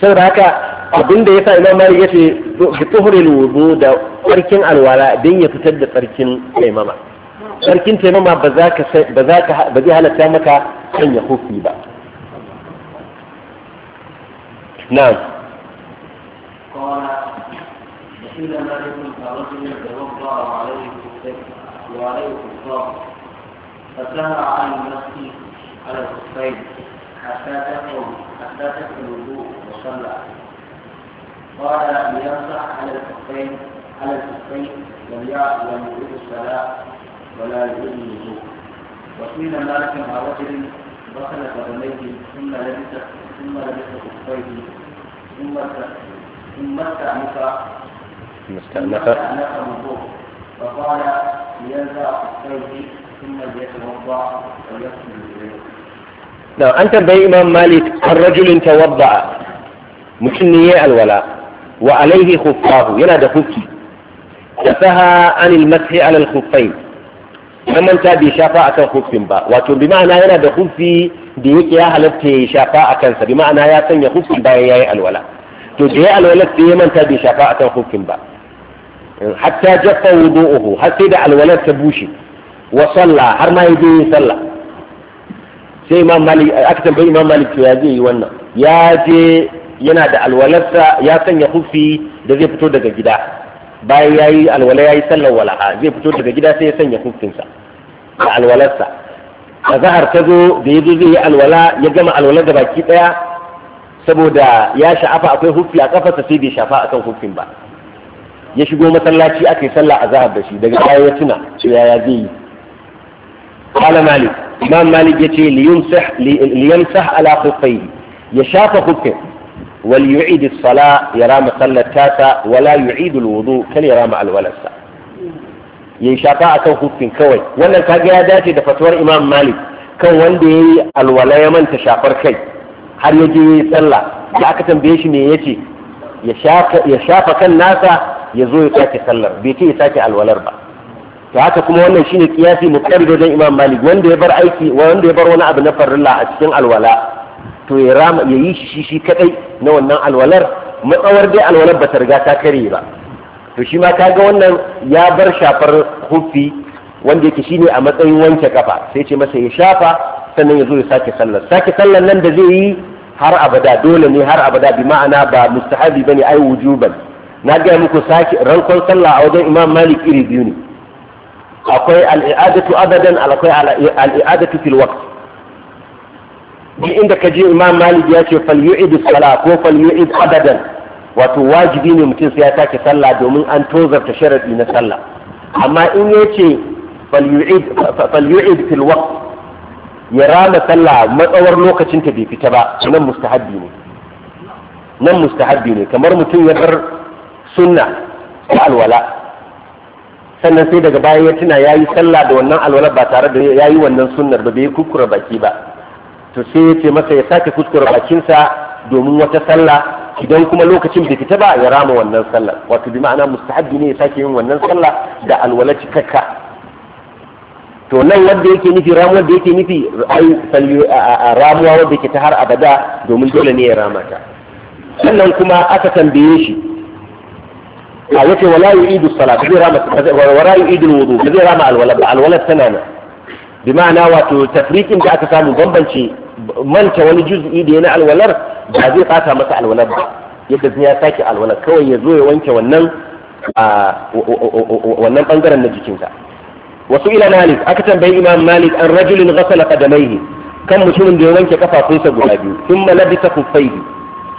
saboda haka abin da yasa imam malik yace bi tuhuril wudu da tsarkin alwala din ya fitar da tsarkin taimama tsarkin taimama ba za ka ba za ka ba zai halatta maka sanya hufi ba na'am فسهر عن المسجد على الخفين حتى تكمل حتى تكمل الوضوء وصلى قال ليمسح على الكفين على الكفين لم لم يريد الصلاة ولا يريد الوضوء وقيل مالك مع رجل دخل قدميه ثم لبس ثم لبس كفيه ثم ثم استأنف ثم استأنف الوضوء فقال لينزع كفيه ثم ليتوضأ ويغسل يديه نعم أنت بين إمام مالك الرجل توضأ مش النية ya alwala وعليه خفاه يلا ده خفتي شفها عن المسح على الخفين كما انت دي شفا اكن با واتو بمعنى يلا ده خفتي دي هيك يا حلتي شفا اكن سبي يا سن يا با يا الولا تو دي الولا دي ما انت دي شفا با حتى جف وضوءه حتى دع الولا تبوشي وصلى هر ما يدي صلى سي امام مالك اكتب امام مالك يا جي وانا يا جي yana da alwalarsa ya sanya hufi da zai fito daga gida bayan ya yi alwala ya yi sallar wala'a zai fito daga gida sai ya sanya hufinsa da alwalarsa a zahar ta zo da ya zo zai yi alwala ya gama alwalar da baki ɗaya saboda ya sha'afa akwai hufi a kafarsa sai bai shafa kan hufin ba ya shigo masallaci aka yi sallah a zahar da shi daga baya ya tuna cewa ya zai yi قال malik ya ce liyan sah ala على ya shafa hufin wal yu'id as-sala ya rama sallar tasa wala yu'id al-wudu kan ya rama alwalarsa Ya shafa akan hufin kawai wannan kaga ya dace da fatuwar Imam Malik kan wanda yayi alwala ya manta shafar kai har ya je yayi sallah da aka tambaye shi me yace ya shafa kan nasa ya zo ya sake sallar bai ce ya sake alwalar ba to haka kuma wannan shine kiyasi muqarrid wajen Imam Malik wanda ya bar aiki wanda ya bar wani abu na farilla a cikin alwala to ya rama ya yi shi shi kadai na wannan alwalar matsawar dai alwalar ba ta riga ta kare ba to shi ma ga wannan ya bar shafar hufi wanda yake shine a matsayin wanke kafa sai ce masa ya shafa sannan ya zo ya sake sallar sake sallar nan da zai yi har abada dole ne har abada bi ma'ana ba mustahabi bane ai wujuban na ga muku sake rankon sallah a wajen imam malik iri biyu ne akwai al-i'adatu abadan akwai al-i'adatu fil waqt duk inda ka je imam malik ya ce fal yu'id sala ko fal yu'id abadan wato wajibi ne mutum sai ya take sallah domin an tozarta sharadi na sallah amma in ya ce fal yu'id fil waqt ya rama sallah matsawar lokacin ta bai fita ba nan mustahabbi ne nan mustahabbi ne kamar mutum ya bar sunna ta alwala sannan sai daga baya ya tuna ya yi sallah da wannan alwala ba tare da ya yi wannan sunnar ba bai kukura baki ba to sai ya ce masa ya sake kuskure bakinsa domin wata sallah idan kuma lokacin bai fita ba ya rama wannan sallah wato bi ma'ana mustahabbi ne ya sake yin wannan sallah da alwala cikakka to nan wanda yake nufi ramuwar da yake nufi a ramuwa wanda yake ta har abada domin dole ne ya rama ta sannan kuma aka tambaye shi a yace wala yu'idu salat zai rama wala yu'idu wudu zai rama alwala ba alwala tana nan bi ma'ana wato tafriqin da aka samu bambance منت ولي جزء إيدي هنا على الولر بعدين قاتا مسا على الولر يكزني أساكي على الولر كوي يزوي وانك ونن آه، ونن أنقر النجيكين ذا وسئل مالك أكتم بي إمام مالك أن رجل غسل قدميه كم مشون دي وانك كفا قوسة قلابي ثم لبس خفيه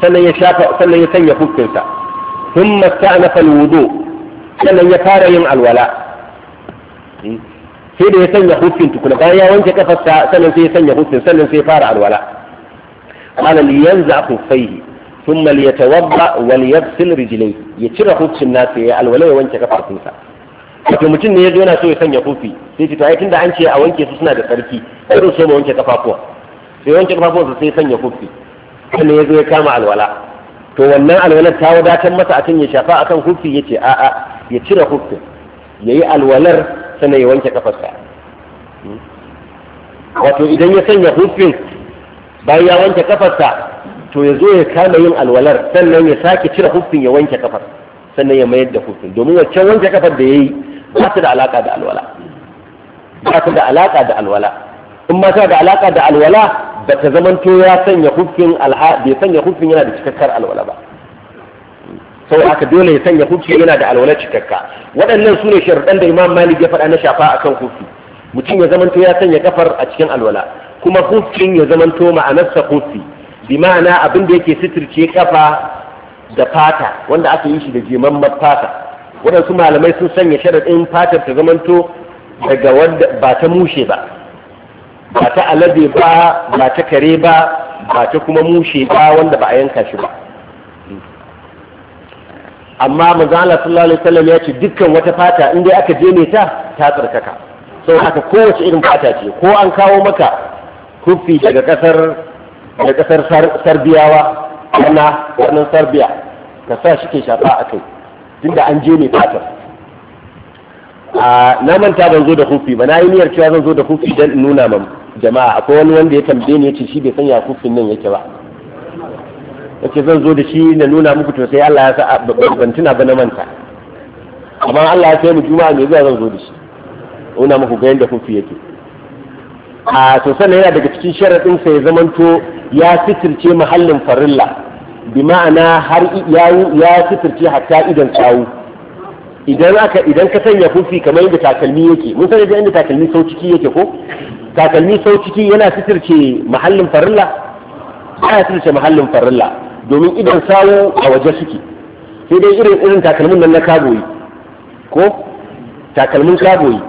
سنة يشاف سنة يسن يفوك كنسا ثم استعنف الوضوء سنة يفارين على الولاء إيه؟ sai da ya sanya hufin tukuna bayan ya wanke kafarsa sannan sai ya sanya hufin sannan sai ya fara alwala qala li yanza khuffaihi thumma li yatawadda wa li yaghsil rijlayhi ya cire hufin nasa ya alwala ya wanke kafarsa to mutum ne ya zo yana so ya sanya hufi sai ce to ai tunda an ce a wanke su suna da sarki sai so mu wanke kafafuwa sai wanke kafafuwa sai ya sanya hufi sannan ya zo ya kama alwala to wannan alwalar ta wadatar masa akan ya shafa akan hufi yace a'a ya cire hufin yayi alwalar sannan ya wanke kafarsa wato idan ya sanya hufin bayan ya wanke kafarsa to ya zo ya kama yin alwalar sannan ya sake cire hufin ya wanke kafar sannan ya mayar da hufin domin wacce wanke kafar da ya yi ba su da alaka da alwala ba su da alaka da alwala in ba su da alaka da alwala ba ta zamanto ya sanya hufin alha bai sanya hufin yana da cikakkar alwala ba sau aka dole ya sanya hukunci yana da alwala cikakka waɗannan su ne sharuɗan da imam malik ya faɗa na shafa a kan hukunci mutum ya zamanto ya sanya kafar a cikin alwala kuma hukunci ya zamanto ma'anarsa sa bi ma'ana abin da yake sitirce kafa da fata wanda aka yi shi da jimamman fata waɗansu malamai sun sanya sharaɗin fatar ta zamanto daga wanda ba ta mushe ba ba ta alade ba ba ta kare ba ba ta kuma mushe ba wanda ba a yanka shi ba amma manzo sallallahu alaihi wasallam ya ce dukkan wata fata in dai aka ne ta ta tsarkaka sau haka kowace irin fata ce ko an kawo maka kufi daga kasar daga kasar sarbiyawa ana wannan sarbiya ka sa shi ke shafa a kai tunda an jeme fatar a na manta ban zo da kufi ba na yi niyyar cewa zan zo da kufi don in nuna ma jama'a akwai wani wanda ya tambaye ni ya ce shi bai sanya kufin nan yake ba yace zan zo da shi na nuna muku to sai Allah ya sa ban tuna ba na manta amma Allah ya sai mu juma'a ne zuwa zan zo da shi nuna muku ga yadda kufi yake a to sannan yana daga cikin sharadin sai zamanto ya fitirce mahallin farilla bi ma'ana har ya fitirce hatta idan tsawu idan aka idan ka sanya kufi kamar yadda takalmi yake mun sani da inda takalmi sau ciki yake ko takalmi sau ciki yana fitirce mahallin farilla yana fitirce mahallin farilla domin idan sawu a waje suke sai dai irin irin takalmin nan na kagoyi ko takalmin kagoyi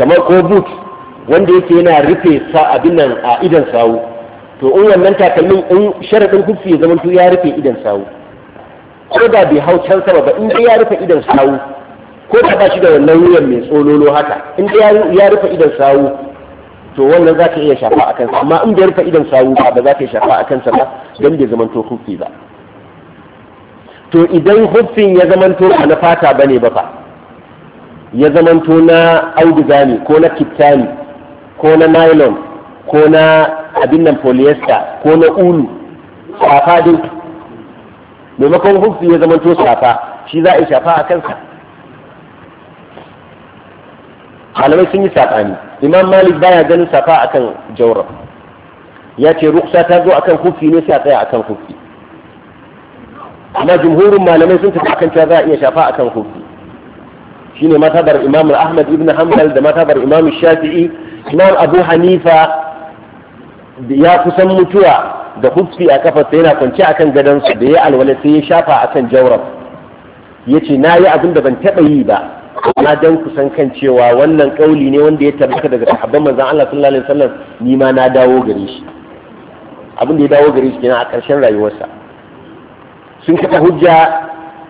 kamar ko boot wanda yake yana rufe sa abin nan a idan sawu to in wannan takalmin in sharadin kufi ya zama ya rufe idan sawu ko da bai hau can sama ba in ya rufe idan sawu ko da ba shi da wannan wuyan mai tsololo haka in ya rufe idan sawu to wannan za ka iya shafa a kansa amma in bai rufe idan sawu ba ba za ka iya shafa a kansa ba don bai zamanto hufi ba to idan hufin ya zamanto a na fata ba ne ba fa ya zamanto na auduga ne ko na kittani ko na nylon ko na abin nan polyester ko na ulu shafa din maimakon hufi ya zamanto shafa, shi za a shafa a kansa malamai sun yi saɓani imam malik baya ganin safa akan jawrab ya ce ruksa ta zo akan kufi ne sai a tsaya akan kufi amma jumhurin malamai sun tafi akan cewa za a iya shafa akan kufi shine matabar imam ahmad ibn hanbal da matabar imam shafi'i imam abu hanifa ya kusan mutuwa da kufi a kafarsa yana kwance akan su. da ya alwala sai ya shafa akan jawrab ya ce na yi abin da ban taɓa yi ba na dan kusan kan cewa wannan kauli ne wanda ya tabbata daga sahabban manzon Allah sallallahu alaihi wasallam ni ma na dawo gare shi abin da ya dawo gare shi kenan a ƙarshen rayuwarsa sun kafa hujja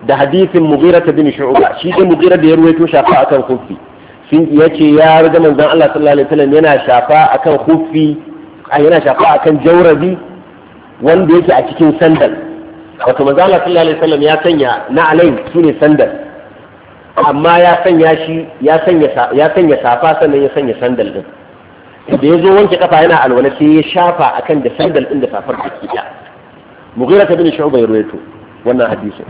da hadithin mugira ta bin shu'ba shi dai mugira da ya ruwaito shafa akan kufi sun yace ya riga manzon Allah sallallahu alaihi wasallam yana shafa akan kufi yana shafa akan jaurabi wanda yake a cikin sandal wato manzon Allah sallallahu alaihi wasallam ya sanya na alai shine sandal amma ya sanya shi ya sanya safa sannan ya sanya sandal din da ya zo wanke kafa yana alwala sai ya shafa akan da sandal din da safar da ke mughira ta bin shu'ba ya ruwaito wannan hadisin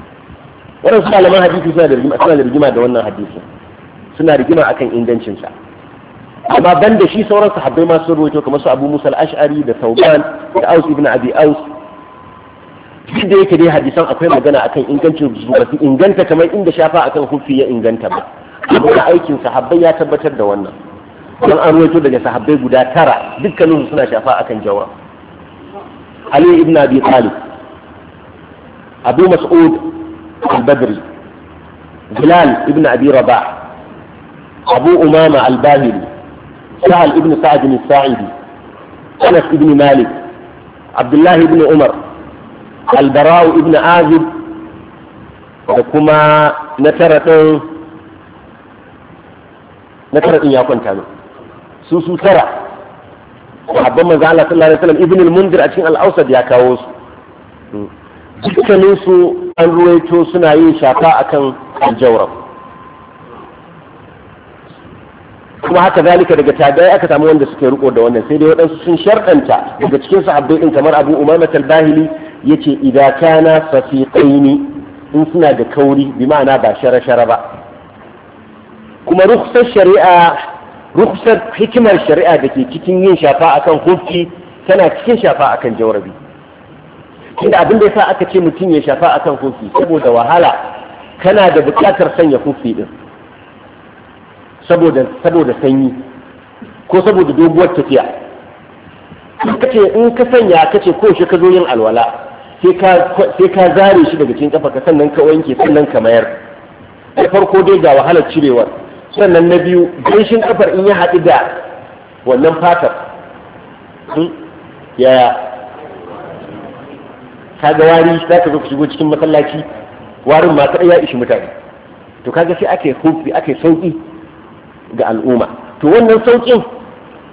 wannan su malaman hadisi suna da rigima suna da rigima da wannan hadisin suna rigima akan ingancin sa amma ban da shi sauran sahabbai ma sun ruwaito kamar su Abu Musa al-Ash'ari da Thawban da Aus ibn Abi Aus duk da yake dai hadisan akwai magana akan ingancin su ba su inganta kamar inda shafa akan hufi ya inganta ba saboda aikin sahabbai ya tabbatar da wannan don an ruwaito daga sahabbai guda tara dukkanin suna shafa akan jawa ali ibn abi talib abu mas'ud al-badri bilal ibn abi rabah abu umama al-bahili sahal ibn sa'd al-sa'idi anas ibn malik abdullah ibn umar albara'u ibn azib da kuma na tara ɗin na tara ya kwanta ne su su tara sahabban manzo Allah sallallahu alaihi wasallam ibn al-mundir a cikin al-ausad ya kawo su dukkanin an ruwaito suna yin shafa akan aljawrab kuma haka zalika daga tabi'ai aka samu wanda suke riko da wannan sai dai waɗansu sun sharɗanta daga cikin sahabbai din kamar Abu Umama al-Bahili yace idza kana safiqaini in suna da kauri bi ma'ana ba shara-shara ba kuma rukhsar shari'a rukhsar hikimar shari'a da ke cikin yin shafa akan hukki tana cikin shafa akan jawrabi inda abin da yasa aka ce mutum ya shafa akan hukki saboda wahala kana da buƙatar sanya hukki din saboda saboda sanyi ko saboda doguwar tafiya kace in ka sanya kace ko shi ka zo yin alwala sai ka zare shi daga cikin ka sannan ka wanke sannan ka mayar da farko dai ga wahalar cirewar sannan na biyu ganshin kafar in ya haɗu da wannan fatar hmm? yaya ga wari za ka zo ku shigo cikin masallaci warin ma kaɗai ya ishi mutane to kaga sai ake hufi ake sauƙi ga al'umma to wannan sauƙin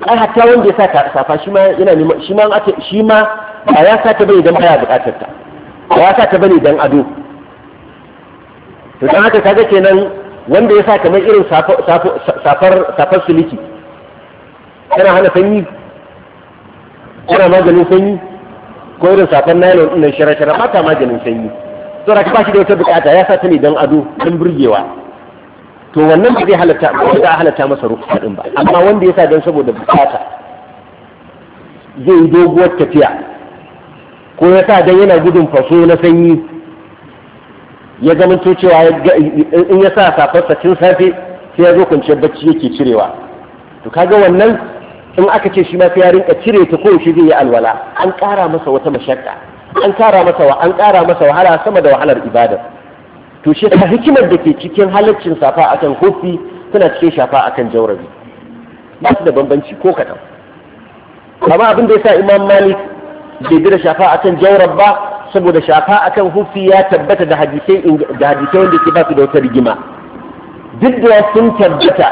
ai hatta wanda ya sa safa shi ma yana neman shi ma shi ma ba ya sa ta bane dan baya bukatar ta ba ya sa ta bane dan ado to dan haka kaga kenan wanda ya sa kamar irin safar safar siliki yana hana sanyi yana maganin sanyi ko irin safar nylon din nan shara-shara ba ta maganin sanyi to ka ba shi da wata bukata ya sa ta ne dan ado dan burgewa to wannan ba zai halatta ba za a halatta masa rukusa din ba amma wanda ya sa don saboda bukata zai yi doguwar tafiya ko ya sa don yana gudun faso na sanyi ya zamanto cewa in ya sa safarsa tun safe sai ya zo kwanciyar bacci yake cirewa to kaga wannan in aka ce shi ma sai ya rinka cire ta ko shi zai yi alwala an ƙara masa wata mashakka an ƙara masa wa an ƙara masa wahala sama da wahalar ibada to shi hikimar da ke cikin halaccin safa kan kofi suna cikin shafa kan jaurabi ba su da bambanci ko kaɗan amma abin da ya sa imam malik bai bi da shafa kan jaurab ba saboda shafa a kan hufi ya tabbata da hadisai da hadisai wanda ke ba su da wata rigima duk da sun tabbata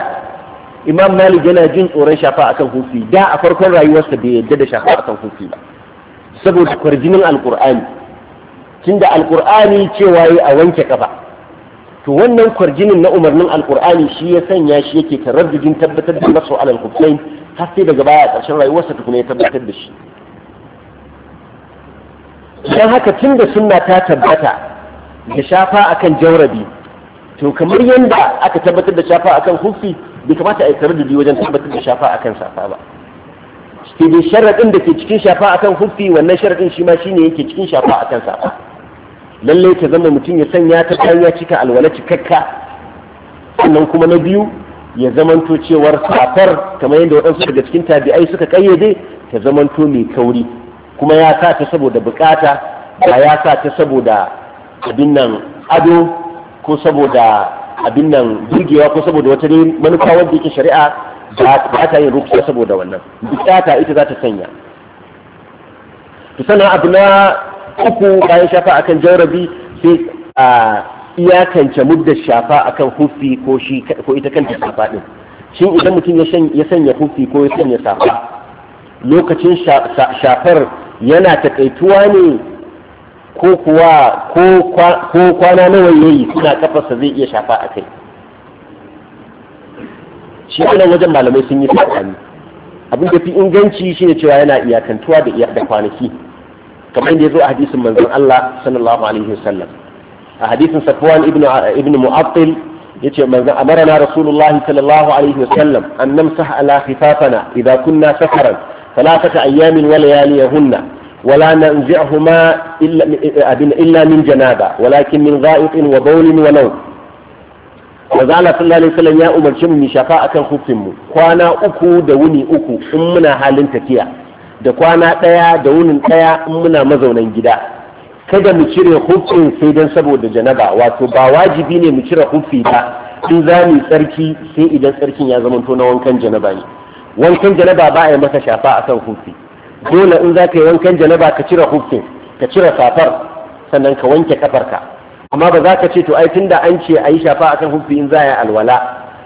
imam malik yana jin tsoron shafa a kan hufi da a farkon rayuwarsa bai yadda da shafa a kan hufi ba saboda kwarjinin alkur'ani tunda alkur'ani cewa yi a wanke kafa to wannan kwarjinin na umarnin alkur'ani shi ya sanya shi yake taraddudin tabbatar da nasu alal kufsain har sai daga baya a ƙarshen rayuwarsa tukuna ya tabbatar da shi don haka tun da sunna ta tabbata da shafa akan jawrabi, to kamar yadda aka tabbatar da shafa akan hufi bai kamata a yi taraddudi wajen tabbatar da shafa akan safa ba sai dai sharaɗin da ke cikin shafa akan hufi wannan sharaɗin shi ma shine yake cikin shafa akan safa lallai ta zama mutum ya sanya ta bayan cika alwala cikakka sannan kuma na biyu ya zamanto cewar safar kamar yadda waɗansu daga cikin tabi'ai suka kayyade ta zamanto mai kauri kuma ya sa ta saboda bukata ba ya sa ta saboda abin nan ado ko saboda abin nan burgewa ko saboda wata manufa wadda yake shari'a ba ta yin rukusa saboda wannan bukata ita za ta sanya uku bayan shafa akan jarabi sai a iyakance mudda shafa akan hufi ko shi ko ita kanta safa din shin idan mutum ya sanya hufi ko ya sanya safa lokacin shafar yana takaituwa ne ko kuwa ko kwana nawa yayi suna kafarsa zai iya shafa a kai shi wannan wajen malamai sun yi tsakani abin da fi inganci shine cewa yana iyakantuwa da kwanaki كما عند يزو أحاديث من الله صلى الله عليه وسلم أحاديث صفوان ابن ابن معطل أمرنا رسول الله صلى الله عليه وسلم أن نمسح على خفافنا إذا كنا سفرا ثلاثة أيام ولياليهن ولا ننزعهما إلا من جنابة ولكن من غائط وبول ونوم وزعل صلى الله عليه وسلم يا أمر شمي شفاءة الخفم وأنا أكو دوني أكو أمنا حال تكيا da kwana ɗaya da wunin ɗaya in muna mazaunan gida kada mu cire hukun sai don saboda janaba wato ba wajibi ne mu cire hufi ba in za mu tsarki sai idan tsarkin ya zama to na wankan janaba ne wankan janaba ba a yi masa shafa a kan hufi dole in za ka yi wankan janaba ka cire hufin ka cire safar sannan ka wanke kafarka amma ba za ka ce to ai tunda an ce a yi shafa akan hufi in za a yi alwala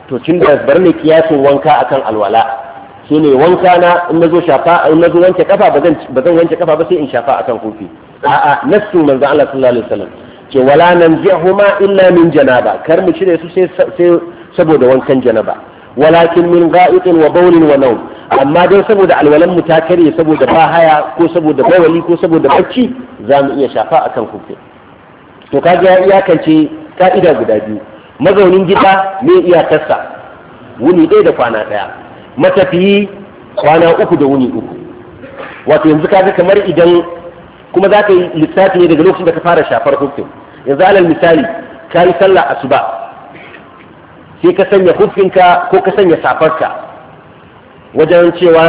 to tunda bar ne kiyasin wanka akan alwala shi ne wanka na in na zo shafa in na zo wanke kafa ba zan wanke kafa ba sai in shafa akan kofi a'a nassu manzo Allah sallallahu alaihi wasallam ce wala nanzihuma illa min janaba kar mu cire su sai saboda wankan janaba walakin min ga'itin wa bawlin wa nawm amma dai saboda alwalan mu ta kare saboda ba haya ko saboda bawali ko saboda bacci za mu iya shafa akan kofi to kaga ya iyakance ka'ida guda biyu mazaunin gida ne iyakarsa wuni ɗaya da kwana ɗaya matafiyi kwana uku da wuni uku wato yanzu kaga kamar idan kuma za ka yi lissafi ne daga lokacin da ka fara shafar hukun yanzu alal misali ka yi sallah asuba sai ka sanya hukunka ko ka sanya safarka wajen cewa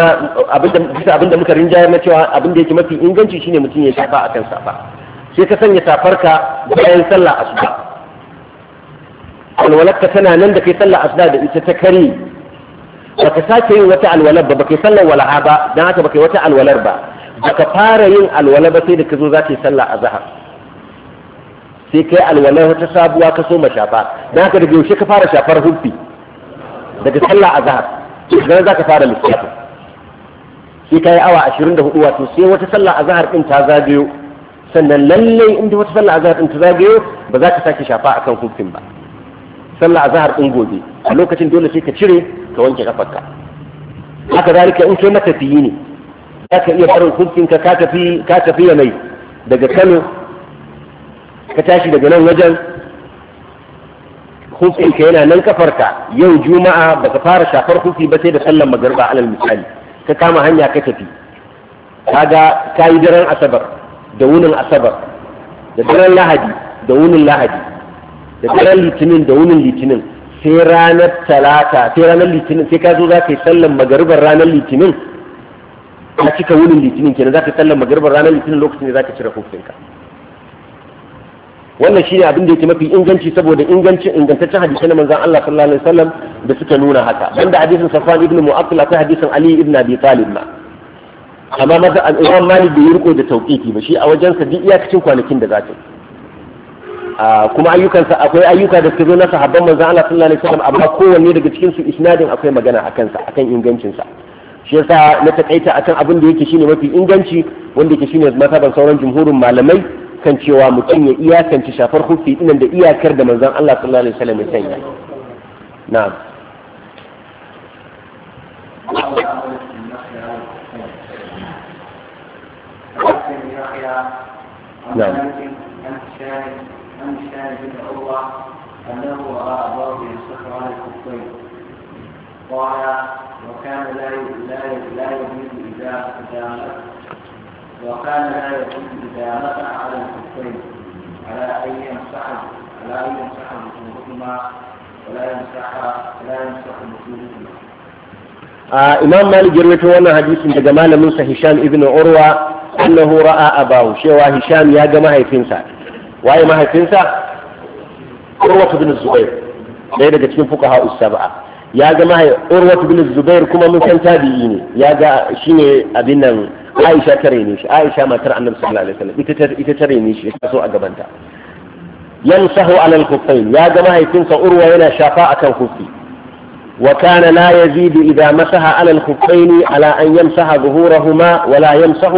bisa abin da muka rinjayar na cewa da yake mafi inganci shine mutum ya shafa akan safa sai ka sanya safarka bayan sallah asuba alwalakka tana nan da kai sallah asuba da ita ta kare baka sake yin wata alwalar ba baka sallar walaha ba dan haka baka wata alwalar ba baka fara yin alwala ba sai da ka zo za ka yi sallah a zahar sai kai alwalar wata sabuwa ka soma shafa dan haka daga yaushe ka fara shafar huffi daga sallah a zahar daga za ka fara lissafi sai ka yi awa 24 wato sai wata sallah a zahar din ta zagayo sannan lallai inda wata sallah a zahar din ta zagayo ba za ka sake shafa akan huffin ba sallah a zahar din gobe a lokacin dole sai ka cire ka wanke kafarka haka zalika in kai matafiyi ne za ka iya barin hukuncinka ka tafi ya mai daga Kano ka tashi daga nan wajen hukuncinka yana nan kafarka yau juma'a ba ka fara shafar hukunci ba sai da sallar magariba alal misali ka kama hanya ka tafi kaga ka yi daren asabar da wunin asabar da daren lahadi da wunin lahadi da daren litinin da wunin litinin sai ranar talata sai ranar litinin sai ka zo za ka yi sallan magaribar ranar litinin a cika wunin litinin kenan za ka yi sallan magaribar ranar litinin lokacin da za ka cire hukuncinka wannan shi ne abin da yake mafi inganci saboda ingancin ingantaccen hadisai na manzan Allah sallallahu alaihi wasallam da suka nuna haka banda hadisin Safwan ibn Mu'attal akwai hadisin Ali ibn Abi Talib ma amma maza al-Imam Malik bai riko da tauqiti ba shi a wajensa duk iyakacin kwanakin da zaka yi kuma ayyukansa akwai ayyuka da suke zo na sahabban manzon Allah sallallahu alaihi wasallam amma kowanne daga cikin su isnadin akwai magana akan sa akan ingancin sa shi yasa na takaita akan abin da yake shine mafi inganci wanda yake shine mazhaban sauran jumhurin malamai kan cewa mutum ya iyakance shafar hufi dinan da iyakar da manzon Allah sallallahu alaihi wasallam ya sanya na'am نعم عن الشاهد بن عروة أنه رأى ضرب صخرة الكفين قال وكان لا لا لا إذا إذا وكان لا يبين إذا على الكفين على أن يمسح على أن يمسح بطونهما ولا يمسح ولا يمسح بطونهما Imam Malik ya rawaito wannan hadisin daga malamin sa Hisham ibn Urwa annahu ra'a abahu cewa Hisham ya ga mahaifinsa waye mahaifinsa urwatu bin zubair ɗaya daga cikin fuqaha usaba'a ya ga mahai urwatu bin zubair kuma mun san tabi'i ne ya ga ne abin nan Aisha tare ne shi Aisha matar Annabi sallallahu alaihi wasallam ita ita tare ne shi so a gabanta yamsahu ala al-khuffayn ya ga mahaifinsa urwa yana shafa akan khuffi وكان لا يزيد إذا مسح على الخفين على أن يمسح ظهورهما ولا يمسح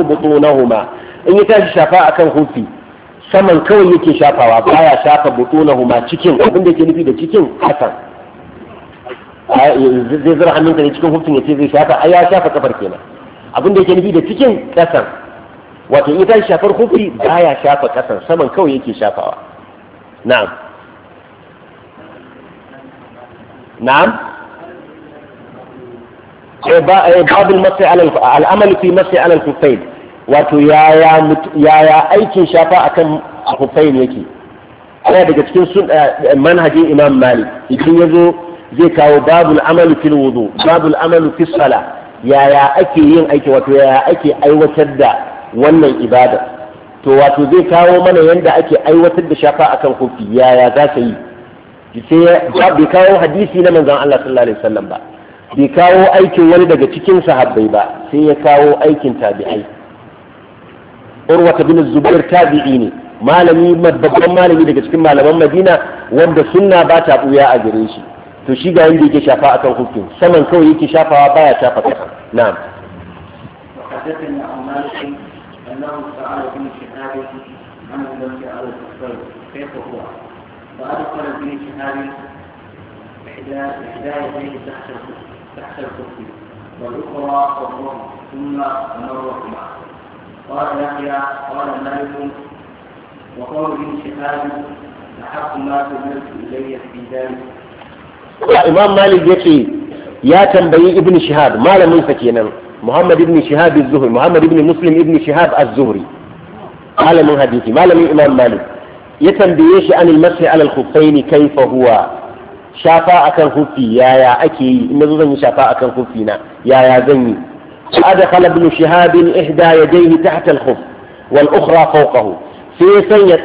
In إن tashi shafa akan خفي saman kawai yake shafawa baya shafa butunahuma cikin abin da yake nufi da cikin hasan zai zira ka ne cikin hufin ya ce zai shafa ai ya shafa kafar kenan abin da yake nufi da cikin kasan wato in ta shafar hufi baya shafa kasan saman kawai yake shafawa na'am na'am ba babul masai alal amal fi masai alal kufaid wato yaya aikin shafa akan ne yake ana daga cikin eh, eh, manhajin imam malik idan ya zo zai kawo babul amalu fil wudu babul amalu fil sala yaya ake yin aiki wato yaya ake aiwatar da wannan ibada to wato zai kawo mana yanda ake aiwatar da shafa akan kofi yaya za ka yi sai bai kawo hadisi na manzon Allah sallallahu alaihi wasallam ba bai kawo aikin wani daga cikin sahabbai ba sai ya kawo aikin tabi'ai urwata bin zubair tabi'i ne malami babban malami daga cikin malaman madina wanda sunna ba ta buya a gare shi to shi ga yanda yake shafa akan hukun saman kawai yake shafawa baya shafa kasa na'am حدثني عن مالك انه سال ابن شهاب عن الذنب على الكفر كيف هو؟ فادخل ابن شهاب احدى احدى يديه تحت الكفر والاخرى فوقه ثم مرهما قال يحيى قال مالك وقوله شهاد لحق ما كملت الي في ذلك الإمام مالك يكي يا تنبي ابن شهاب ما لم يفكينا محمد ابن شهاب الزهري محمد ابن مسلم ابن شهاب الزهري ما لم يهديكي ما لم ما لم الإمام مالك يتنبي يشي عن المسح على الخفين كيف هو شافاء كان خفي يا يا أكي إن ذو ذنب شافاء كان خفينا يا يا ذنب فأدخل ابن شهاب إحدى يديه تحت الخف والأخرى فوقه في سن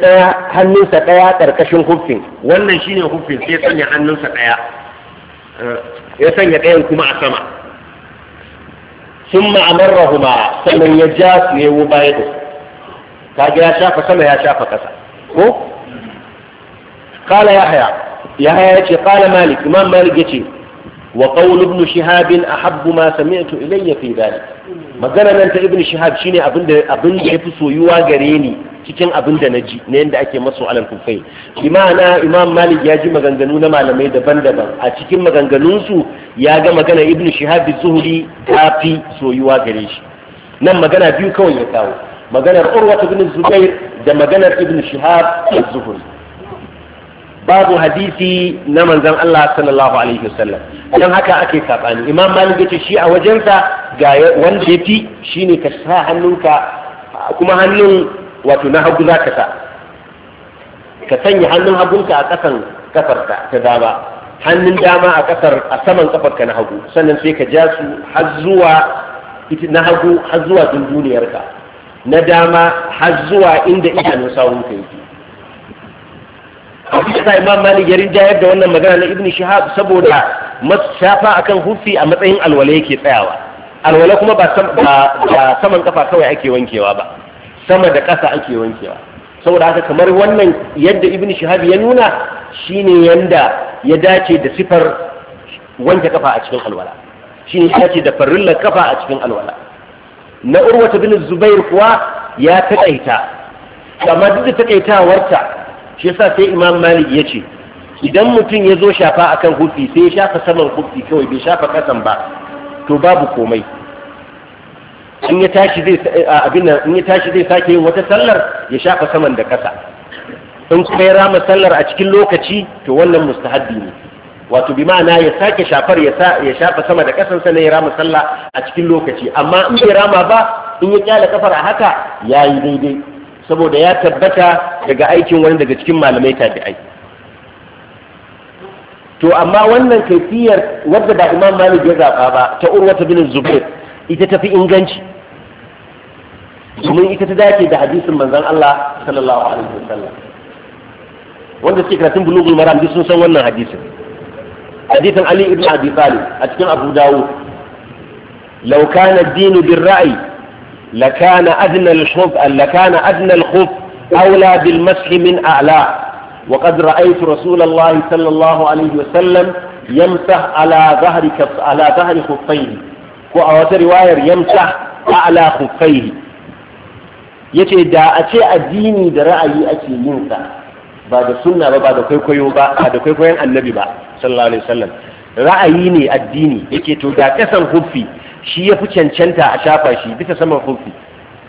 هل ننسى قيا تركش الخف ولا شين الخف في سن هل ننسى قيا يسن يتيا كما أسمع ثم أمرهما سمن يجاس ليوبايده كاجي يا شافة سمع يا شافة كسا قال يا حيا يا حيا قال مالك ما مالك يتيه وقول ابن شهاب احب ما ma الي في fi magana nan ta ibn shihab shine abin da abin da yafi soyuwa gare ni cikin abin da naji ne yanda ake masu alal kufai imana imam malik ya ji maganganu na malamai daban-daban a cikin maganganun su ya ga magana ibn shihab zuhri ta fi soyuwa gare shi nan magana biyu kawai ya kawo maganar urwa ibn zubair da maganar ibn shihab az-zuhri babu hadisi na manzon Allah sallallahu alaihi wasallam dan haka ake sabani imam malik yace shi a wajensa ga wanda ya fi shine ka sa hannunka kuma hannun wato na hagu zaka sa ka sanya hannun hagunka a kasan kafarka ta dama hannun dama a kasar a saman kafarka na hagu sannan sai ka ja su har zuwa na hagu har zuwa dunduniyarka na dama har zuwa inda idanun sawunka yake abu da sa imam malik ya rinjayar da wannan magana na ibn shahab saboda shafa akan hufi a matsayin alwala yake tsayawa alwala kuma ba saman kafa kawai ake wankewa ba sama da ƙasa ake wankewa saboda haka kamar wannan yadda ibn shahab ya nuna shine yanda ya dace da sifar wanke kafa a cikin alwala shine ya dace da farillar kafa a cikin alwala na urwata bin zubair kuwa ya taƙaita amma duk da taƙaitawarta shi yasa sai imam malik ya ce idan mutum ya zo shafa akan hufi sai ya shafa saman hufi kawai bai shafa kasan ba to babu komai eh, in ya tashi zai sake yin wata sallar ya shafa saman da kasa in kuma ya rama sallar a cikin lokaci to wannan mustahabbi ne wato bi ma'ana ya sake shafar ya shafa sama da kasan sa ya rama sallah a cikin lokaci amma in bai rama ba in ya kyale kafar a haka yayi daidai saboda ya tabbata daga aikin wani daga cikin malamai tabi'ai to amma wannan kaifiyar wadda ba imam malik ya zaba ba ta ta bin zubair ita tafi inganci domin ita ta dace da hadisin manzon Allah sallallahu alaihi wasallam wanda suke karatun bulughul maram duk sun san wannan hadisin hadisin Ali ibn Abi Talib a cikin Abu Dawud law kana ad-dinu bir-ra'yi لكان أدنى الخف لكان أدنى الخف أولى بالمسح من أعلاه وقد رأيت رسول الله صلى الله عليه وسلم يمسح على ظهر على ظهر خفيه وأو رواية يمسح أعلى خفيه yace da a ce addini da ra'ayi ake yin sa ba da sunna ba ba da kwaikwayo ba ba da kwaikwayon annabi ba sallallahu alaihi wasallam ra'ayi ne addini yake to da kasan huffi shi ya fi cancanta a shafa shi bisa saman kofi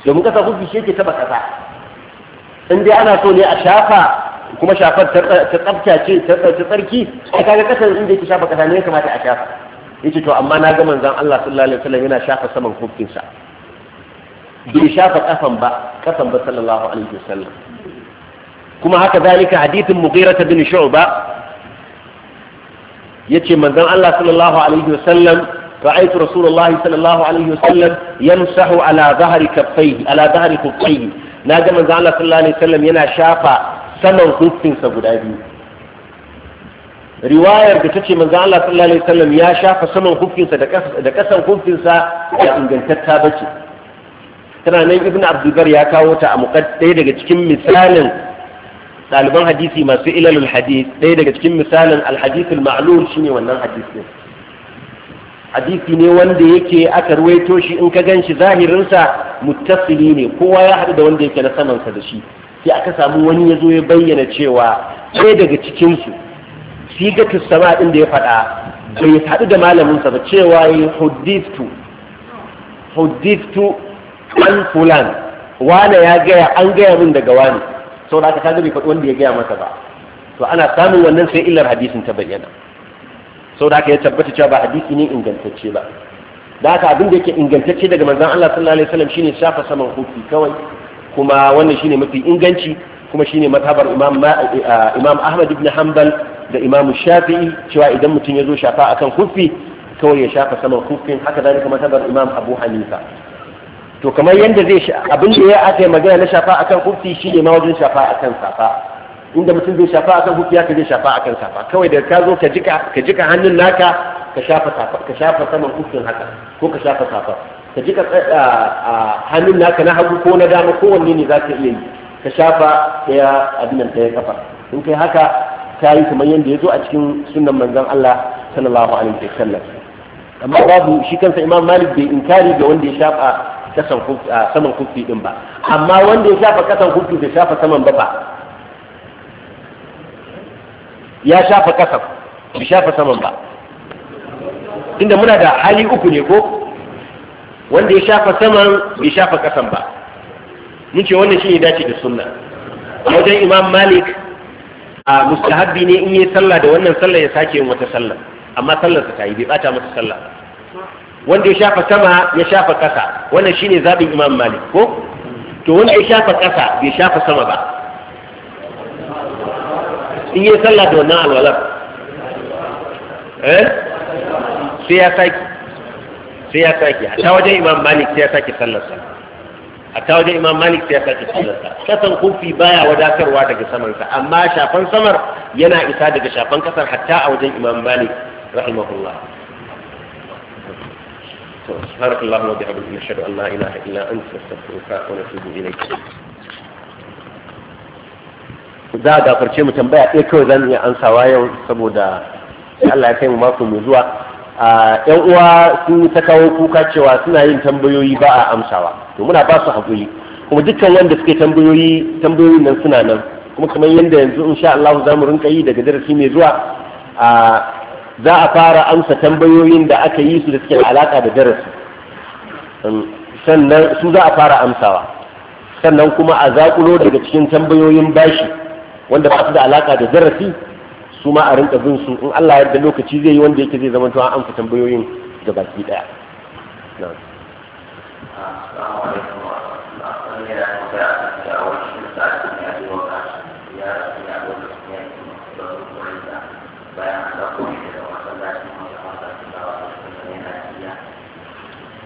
domin kasa kofi shi yake taba kasa in dai ana so ne a shafa kuma shafar ta tsafta ce ta tsarki ai kaga kasan inda yake shafa kasa ne ya kamata a shafa yace to amma na ga manzon Allah sallallahu alaihi wasallam yana shafa saman hufin sa bai shafa kafan ba kafan ba sallallahu alaihi wasallam kuma haka zalika hadithin Mughirah bin Shu'ba yace manzon Allah sallallahu alaihi wasallam رأيت رسول الله صلى الله عليه وسلم يمسح على ظهر كفيه على ظهر كفيه ناجا من زعل صلى الله عليه وسلم ينا شافا riwayar da tace manzo Allah sallallahu alaihi ya shafa saman hukunsa da kasan hukunsa ya ingantatta bace tana nan ibnu abdulbar ya kawo ta a muqaddai ɗaya daga cikin misalin ɗaliban hadisi masu ilalul hadith ɗaya daga cikin misalin alhadithul ma'lul shine wannan ne. hadisi ne wanda yake aka ruwaito shi in ka gan shi zahirinsa muttasili ne kowa ya hadu da wanda yake na samansa da shi sai aka samu wani ya zo ya bayyana cewa ɗaya daga cikinsu ga sama ɗin da ya faɗa bai haɗu da malaminsa ba cewa yi hudiftu hudiftu an fulan wane ya gaya an gaya min daga wani saboda aka kaga bai faɗi wanda ya gaya masa ba to ana samun wannan sai illar hadisin ta bayyana sau da aka ya tabbata cewa ba hadisi ne ingantacce ba da aka abin da yake ingantacce daga manzan Allah sallallahu alaihi wasallam shine shafa saman hufi kawai kuma wannan shine mafi inganci kuma shine mazhabar imam imam Ahmad ibn Hanbal da imam Shafi'i cewa idan mutum ya zo shafa akan hufi kawai ya shafa saman hufin haka da kuma mazhabar imam Abu Hanifa to kamar yanda zai abin da ya aka magana na shafa akan hufi shine ma wajen shafa akan safa inda mutum zai shafa akan hukiya ka zai shafa akan safa kawai da ka zo ka jika ka jika hannun naka ka shafa safa ka shafa saman hukun haka ko ka shafa safa ka jika eh, hannun naka na hagu ko na dama ko wanne ne za ka iya yi ka shafa ɗaya abin nan ya kafa in kai haka ta yi kamar yadda ya zo a cikin sunan manzon Allah sallallahu alaihi wa wasallam amma babu shi kansa Imam Malik bai inkari ga wanda ya shafa kasan saman kufi din ba amma wanda ya shafa kasan kufi da shafa saman ba ba ya shafa kasa bai shafa saman ba inda muna da hali uku ne ko wanda ya shafa saman bai shafa kasan ba mun ce wannan shi ne dace da sunna wajen imam malik a mustahabbi ne in yi sallah da wannan sallah ya sake yin wata sallah amma sallarsa ta yi bai bata masa sallah wanda ya shafa sama ya shafa kasa wannan shine zabin imam malik ko to wanda ya shafa kasa bai shafa sama ba in yi sallah da wannan alwalar eh sai ya saki sai ya saki a ta wajen imam malik sai ya saki sallarsa a ta wajen imam malik sai ya saki sallarsa kasan kufi baya wadatarwa daga samansa amma shafan samar yana isa daga shafan kasar hatta a wajen imam malik rahimahullah سبحانك اللهم وبحمدك نشهد ان لا اله الا انت نستغفرك ونتوب اليك za a gafarce mu tambaya ɗaya kawai zan iya ansawa yau saboda Allah ya kai mu mako mai zuwa a ƴan uwa sun ta kawo kuka cewa suna yin tambayoyi ba a amsawa to muna ba su haƙuri, kuma dukkan wanda suke tambayoyi tambayoyin nan suna nan kuma kamar yadda yanzu insha Allah za mu rinka yi daga darasi mai zuwa a za a fara amsa tambayoyin da aka yi su da suke alaƙa da darasi sannan su za a fara amsawa sannan kuma a zaƙulo daga cikin tambayoyin bashi wanda ba su da alaka da darasi su ma a rinka bin su in Allah yarda lokaci zai yi wanda yake zai zama to an amsa tambayoyin ga baki daya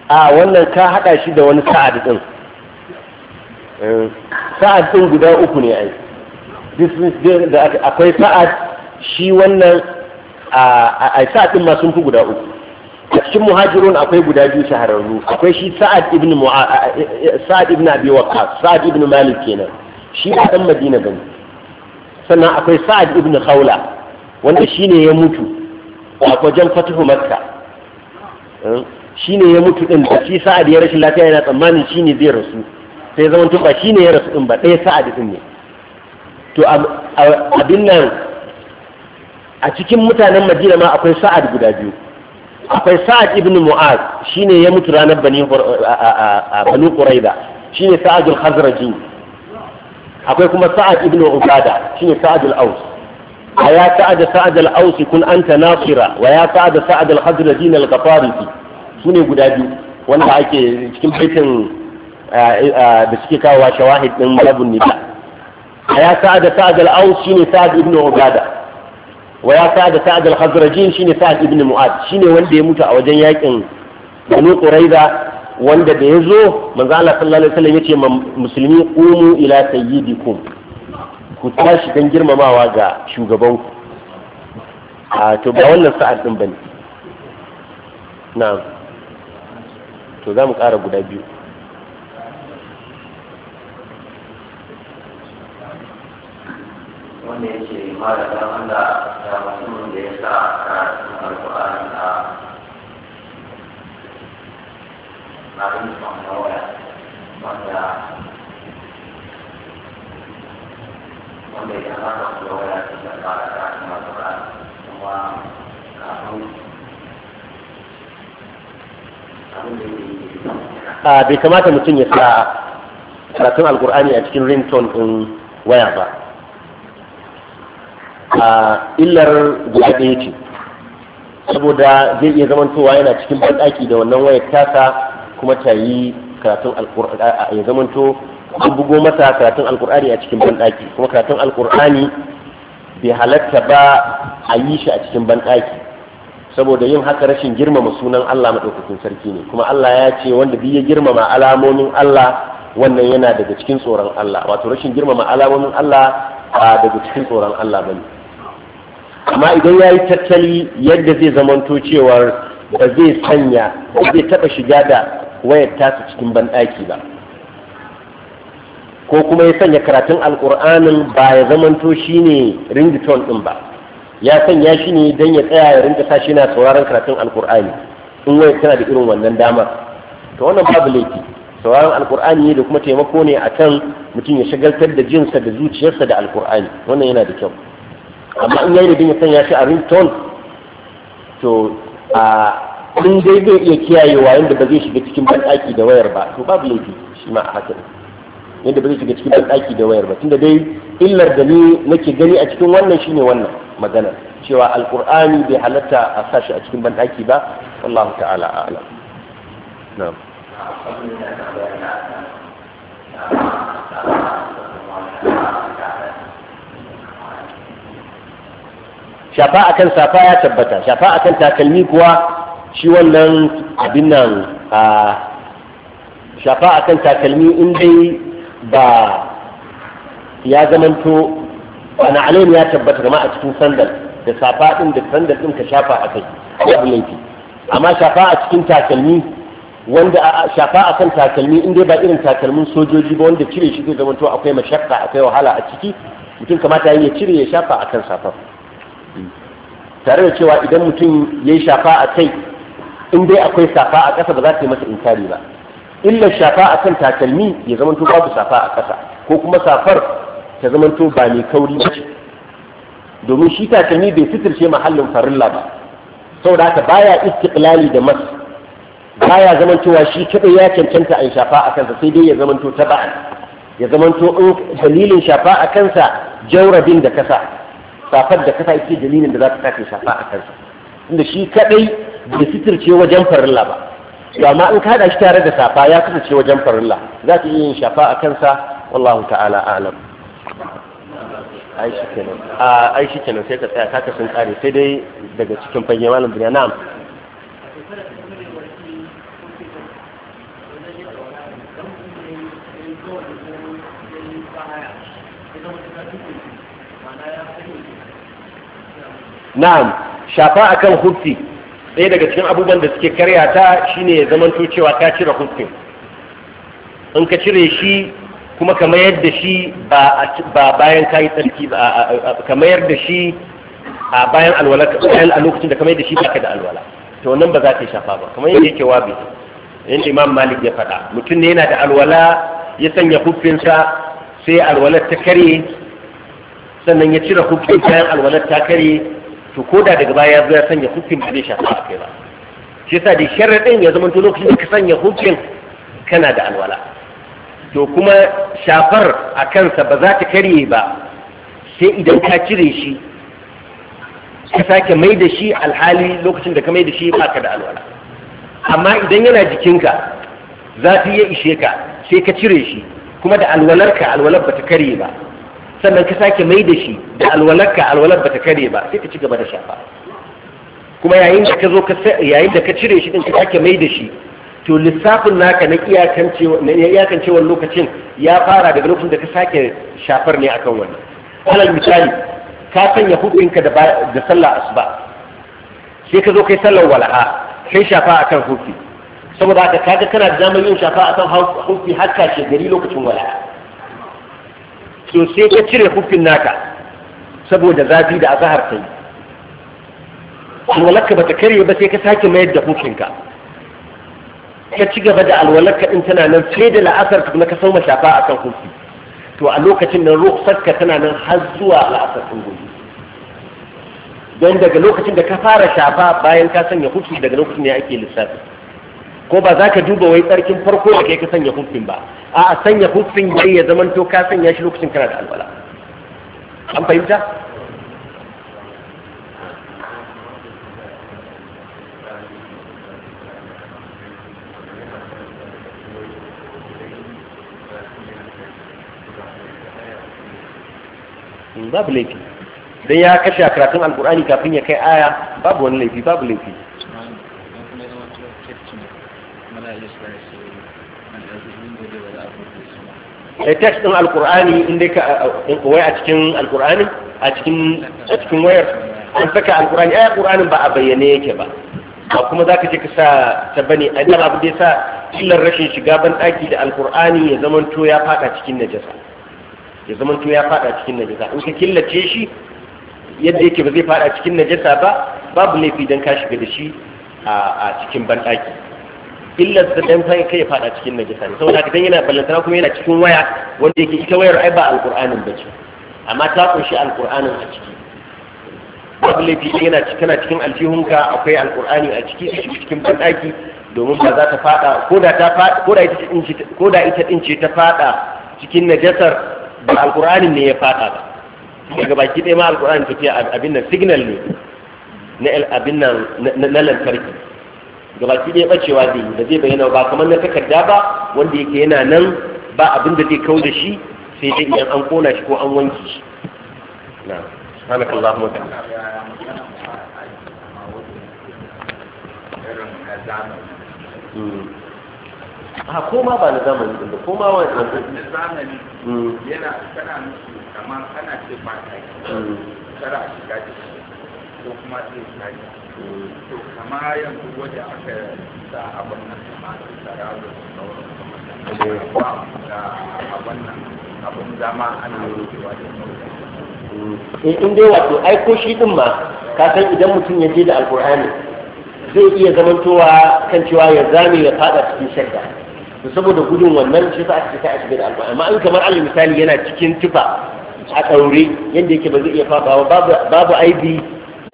a wannan ka hada shi da wani sa'ad din eh, sa'ad din guda uku ne ai da akwai sa'ad shi wannan a sa'ad din ma sun fi guda uku a cikin muhajirun akwai guda biyu shahararru akwai shi sa'ad ibn sa'ad ibn abi waqas sa'ad ibn malik kenan shi ba dan madina bane sannan akwai sa'ad ibn khawla wanda shine ya mutu a wajen fatihu makka hmm? shine ya mutu din da shi sa'ad ya rashin lafiya yana tsammanin shine zai rasu sai zaman ba shine ya rasu din ba ɗaya sa'ad din ne to abin nan a cikin mutanen madina ma akwai sa'ad guda biyu akwai sa'ad ibn mu'az shine ya mutu ranar bani bani quraida shine sa'adul khazraji akwai kuma sa'ad ibn ubada shine sa'adul aus a ya sa'ad sa'ad al-aus kun anta nasira wa ya sa'ad sa'ad al-khazraji al-qafarisi shine guda biyu wanda ake cikin baitin da suke kawo shawahid din malabun nida ya Sa'ada sa'ad al-aus shine sa'ad ibn ubada wa ya sa'ad da sa'ad al-khazrajin shine sa'ad ibn mu'ad shine wanda ya mutu a wajen yakin banu quraiza wanda da ya zo manzo Allah sallallahu alaihi wasallam yace musulmi qumu ila sayyidikum ku tashi dan girmamawa ga shugabanku a to ba wannan sa'ad din bane na'am to za mu guda biyu mara ah, da wanda da mutumin da ya sa karatun a abin waya wanda wanda ya da karatun kuma kafin bai kamata mutum ya sa karatun alƙur'ani a cikin ringtone ɗin waya ba a illar guda ɗaya ce saboda zai iya zamantowa yana cikin banɗaki da wannan wayar tasa kuma ta yi karatun alƙur'ani ya zamanto an bugo masa karatun alƙur'ani a cikin banɗaki kuma karatun alƙur'ani bai halatta ba a yi shi a cikin banɗaki saboda yin haka rashin girmama sunan Allah maɗaukakin sarki ne kuma Allah ya ce wanda bi ya girmama alamomin Allah wannan yana daga cikin tsoron Allah wato rashin girmama alamomin Allah ba daga cikin tsoron Allah bane amma idan ya yi tattali yadda zai zamanto cewar ba zai sanya ko zai taɓa shiga da wayar tasa cikin banɗaki ba ko kuma ya sanya karatun alƙur'anin ba ya zamanto shi ne ringtone ɗin ba ya sanya shi ne don ya tsaya ya rinka sashi na sauraron karatun alƙur'ani in wayar tana da irin wannan damar to wannan babu laifi sauraron alƙur'ani ne da kuma taimako ne a kan mutum ya shagaltar da jinsa da zuciyarsa da alƙur'ani wannan yana da kyau amma in yayi da ya sanya shi a rington to a in dai zai iya kiyayewa yadda ba zai shiga cikin banɗaki da wayar ba to babu laifi shi ma a haka yadda ba zai shiga cikin banɗaki da wayar ba tunda dai illar da ni nake gani a cikin wannan shine wannan magana cewa alkur'ani bai halatta a sashi a cikin banɗaki ba wallahu ta'ala a'lam na'am shafa akan safa ya tabbata shafa akan takalmi kuwa shi wannan abin nan a shafa akan takalmi in dai ba ya zamanto wani alayin ya tabbata kama a cikin sandal da safa din da sandal din ka shafa a kai ya laifi amma shafa a cikin takalmi wanda a shafa a kan takalmi in dai ba irin takalmin sojoji ba wanda cire shi zai zamanto akwai mashakka akwai wahala a ciki mutum kamata ya cire ya shafa a kan safar tare da cewa idan mutum ya yi shafa a kai in dai akwai safa a ƙasa ba za ta yi masa inkari ba illa shafa a kan takalmi ya to babu safa a ƙasa ko kuma safar ta to ba mai kauri ba domin shi takalmi bai fitirce mahallin farilla ba saboda haka baya istiqlali da mas baya zamantowa shi kadai ya cancanta a shafa a kansa sai dai ya to taba ya zamanto in dalilin shafa a kansa jaurabin da kasa safar da kasa ita dalilin da za ka sake shafa a kansa inda shi kadai da sitirce wajen farilla ba to amma in ka shi tare da safa ya ce wajen farilla za ta iya yin shafa a kansa wallahu ta'ala alam ai shi kenan ah, sai ka tsaya ka sun kare sai dai daga cikin fage malam duniya na'am na'am shafa akan hufi ɗaya daga cikin abubuwan da suke karya ta shine ya zama cewa ka cire hufin in ka cire shi kuma ka mayar da shi ba bayan ka yi tsarki ka mayar da shi a bayan alwala bayan a lokacin da ka mayar da shi baka da alwala to nan ba za ta shafa ba kamar yadda yake wabi yadda imam malik ya faɗa mutum ne yana da alwala ya sanya hufinsa sai alwalar ta karye sannan ya cire hufin bayan alwalar ta karye to ko da daga baya ya zo ya sanya hukuncin ba zai shafa a kai ba shi yasa da sharaɗin ya zama to lokacin da ka sanya hufin kana da alwala to kuma shafar a kansa ba za ta karye ba sai idan ka cire shi ka sake mai da shi alhali lokacin da ka mai da shi ba ka da alwala amma idan yana jikinka za ta iya ishe ka sai ka cire shi kuma da alwalarka alwalar ba ta karye ba sannan ka sake mai da shi da alwalarka alwalar ba ta kare ba sai ka ci gaba da shafa kuma yayin da ka zo ka yayin da ka cire shi din ka sake mai da shi to lissafin naka na iyakancewa na iyakancewar lokacin ya fara daga lokacin da ka sake shafar ne akan wannan alal misali ka sanya hufinka da da sallah asuba sai ka zo kai sallar walaha kai shafa akan hufi saboda haka kaga kana da damar yin shafa akan hufi har ka gari lokacin walaha so sai ka cire hufin naka saboda zafi da azahar ta yi alwalarka ba ta karye ba sai ka sake mayar da hufinka ka ci gaba da alwalarka din tana nan sai da la'asar kuma ka sauma shafa kan hufi to a lokacin nan ruhsarka tana nan har zuwa la'asar din gobe don daga lokacin da ka fara shafa bayan ka sanya hufi daga lokacin ne ake lissafi ko ba za ka duba wai tsarkin farko da kai ka sanya hufin ba a a sanya hufin yayi ya zaman to ka sanya shi lokacin kana da alwala an fahimta hmm, babu laifi dan ya kashe karatun alkur'ani kafin ya kai aya babu wani laifi babu laifi Eh, text din alkur'ani in dai ka eh, eh, wai a cikin alkur'ani a cikin a cikin wayar an saka alkur'ani ai alkur'anin ba a bayyane yake ba ba kuma zaka je ka sa ta bane a dan abu da yasa illar rashin shiga ban daki da alkur'ani ya zaman to ya fada cikin najasa ya zaman to ya fada cikin najasa in ka killace shi yadda yake ba zai fada cikin najasa ba babu laifi dan ka shiga da shi a cikin ban daki illar da dan kai kai fada cikin najisa ne saboda haka dan yana ballantana kuma yana cikin waya wanda yake ita wayar ai ba alqur'anin bace amma ta kunshi alqur'anin a ciki babu laifi yana kana cikin aljihunka akwai alqur'ani a ciki cikin bandaki domin ba za ta fada ko da ta fada ko ita din ce ko ita din ce ta fada cikin najasar ba alqur'anin ne ya fada ba daga baki ɗaya ma alkur'ani tafiya abin nan signal ne na abin nan na lantarki gabaki ɗaya bacewa zai yi ba zai bayyana ba kamar na takarda ba wanda yake yana nan ba abin da zai kau da shi sai dai idan an kona shi ko an wanke shi na subhanaka allahumma wa ta'ala hmm. a ah, koma ba na zamani ɗin ba koma wani na zamani hmm. yana kana nufi kamar ana ce ba ta yi hmm. shiga da shi ko kuma zai shiga to kama yanzu wajen aka sa abin nan a tsara da sauran ba da abin nan abin zama ana rukewa da sauran mm. in dai wato aiko shi din ma ka san idan mutum ya je da alkur'ani zai iya zamantowa kan cewa ya zame ya fada cikin shakka to saboda gudun wannan shi sa aka sai a shiga da alkur'ani amma in kamar alal misali yana cikin tufa a ɗaure yadda yake ba zai iya faɗawa babu aibi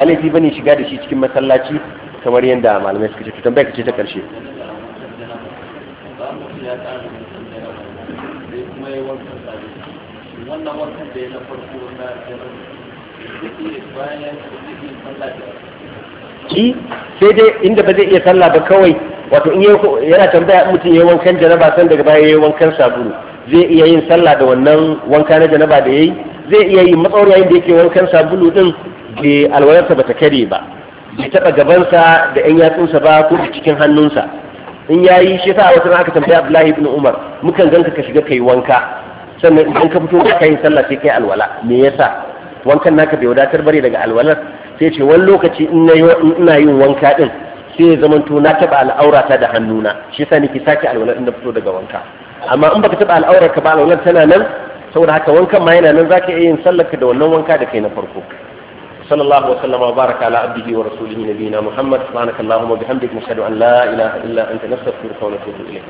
alifi bane shiga da shi cikin masallaci kamar yadda malamai suka ce to tambaya ce ta karshe ki sai dai inda ba zai iya sallah ba kawai wato in yana tambaya mutum ya yi wankan janaba san daga baya ya yi wankan sabulu zai iya yin sallah da wannan wanka na janaba da ya yi zai iya yi matsawar yayin da yake wankan sabulu din bai ba ta kare ba bai taba gabansa da yan yatsunsa ba ko da cikin hannunsa in ya yi shi sa wata aka tambaya Abdullahi ibn Umar mukan ganka ka shiga kai wanka sannan idan ka fito ka yi sallah sai kai alwala me yasa wankan naka bai wadatar bare daga alwalar sai ce wani lokaci ina yin wanka din sai ya zamanto na taba al'aurata da hannuna shi yasa nake sake alwalar inda fito daga wanka amma in baka taba al'aurar ka ba alwalar tana nan saboda haka wankan ma yana nan zaka iya yin sallar ka da wannan wanka da kai na farko صلى الله وسلم وبارك على عبده ورسوله نبينا محمد سبحانك اللهم وبحمدك نشهد ان لا اله الا انت نستغفرك ونتوب اليك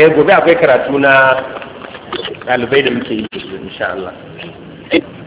eh gobe akwai karatu na ɗalibai da muke yi insha Allah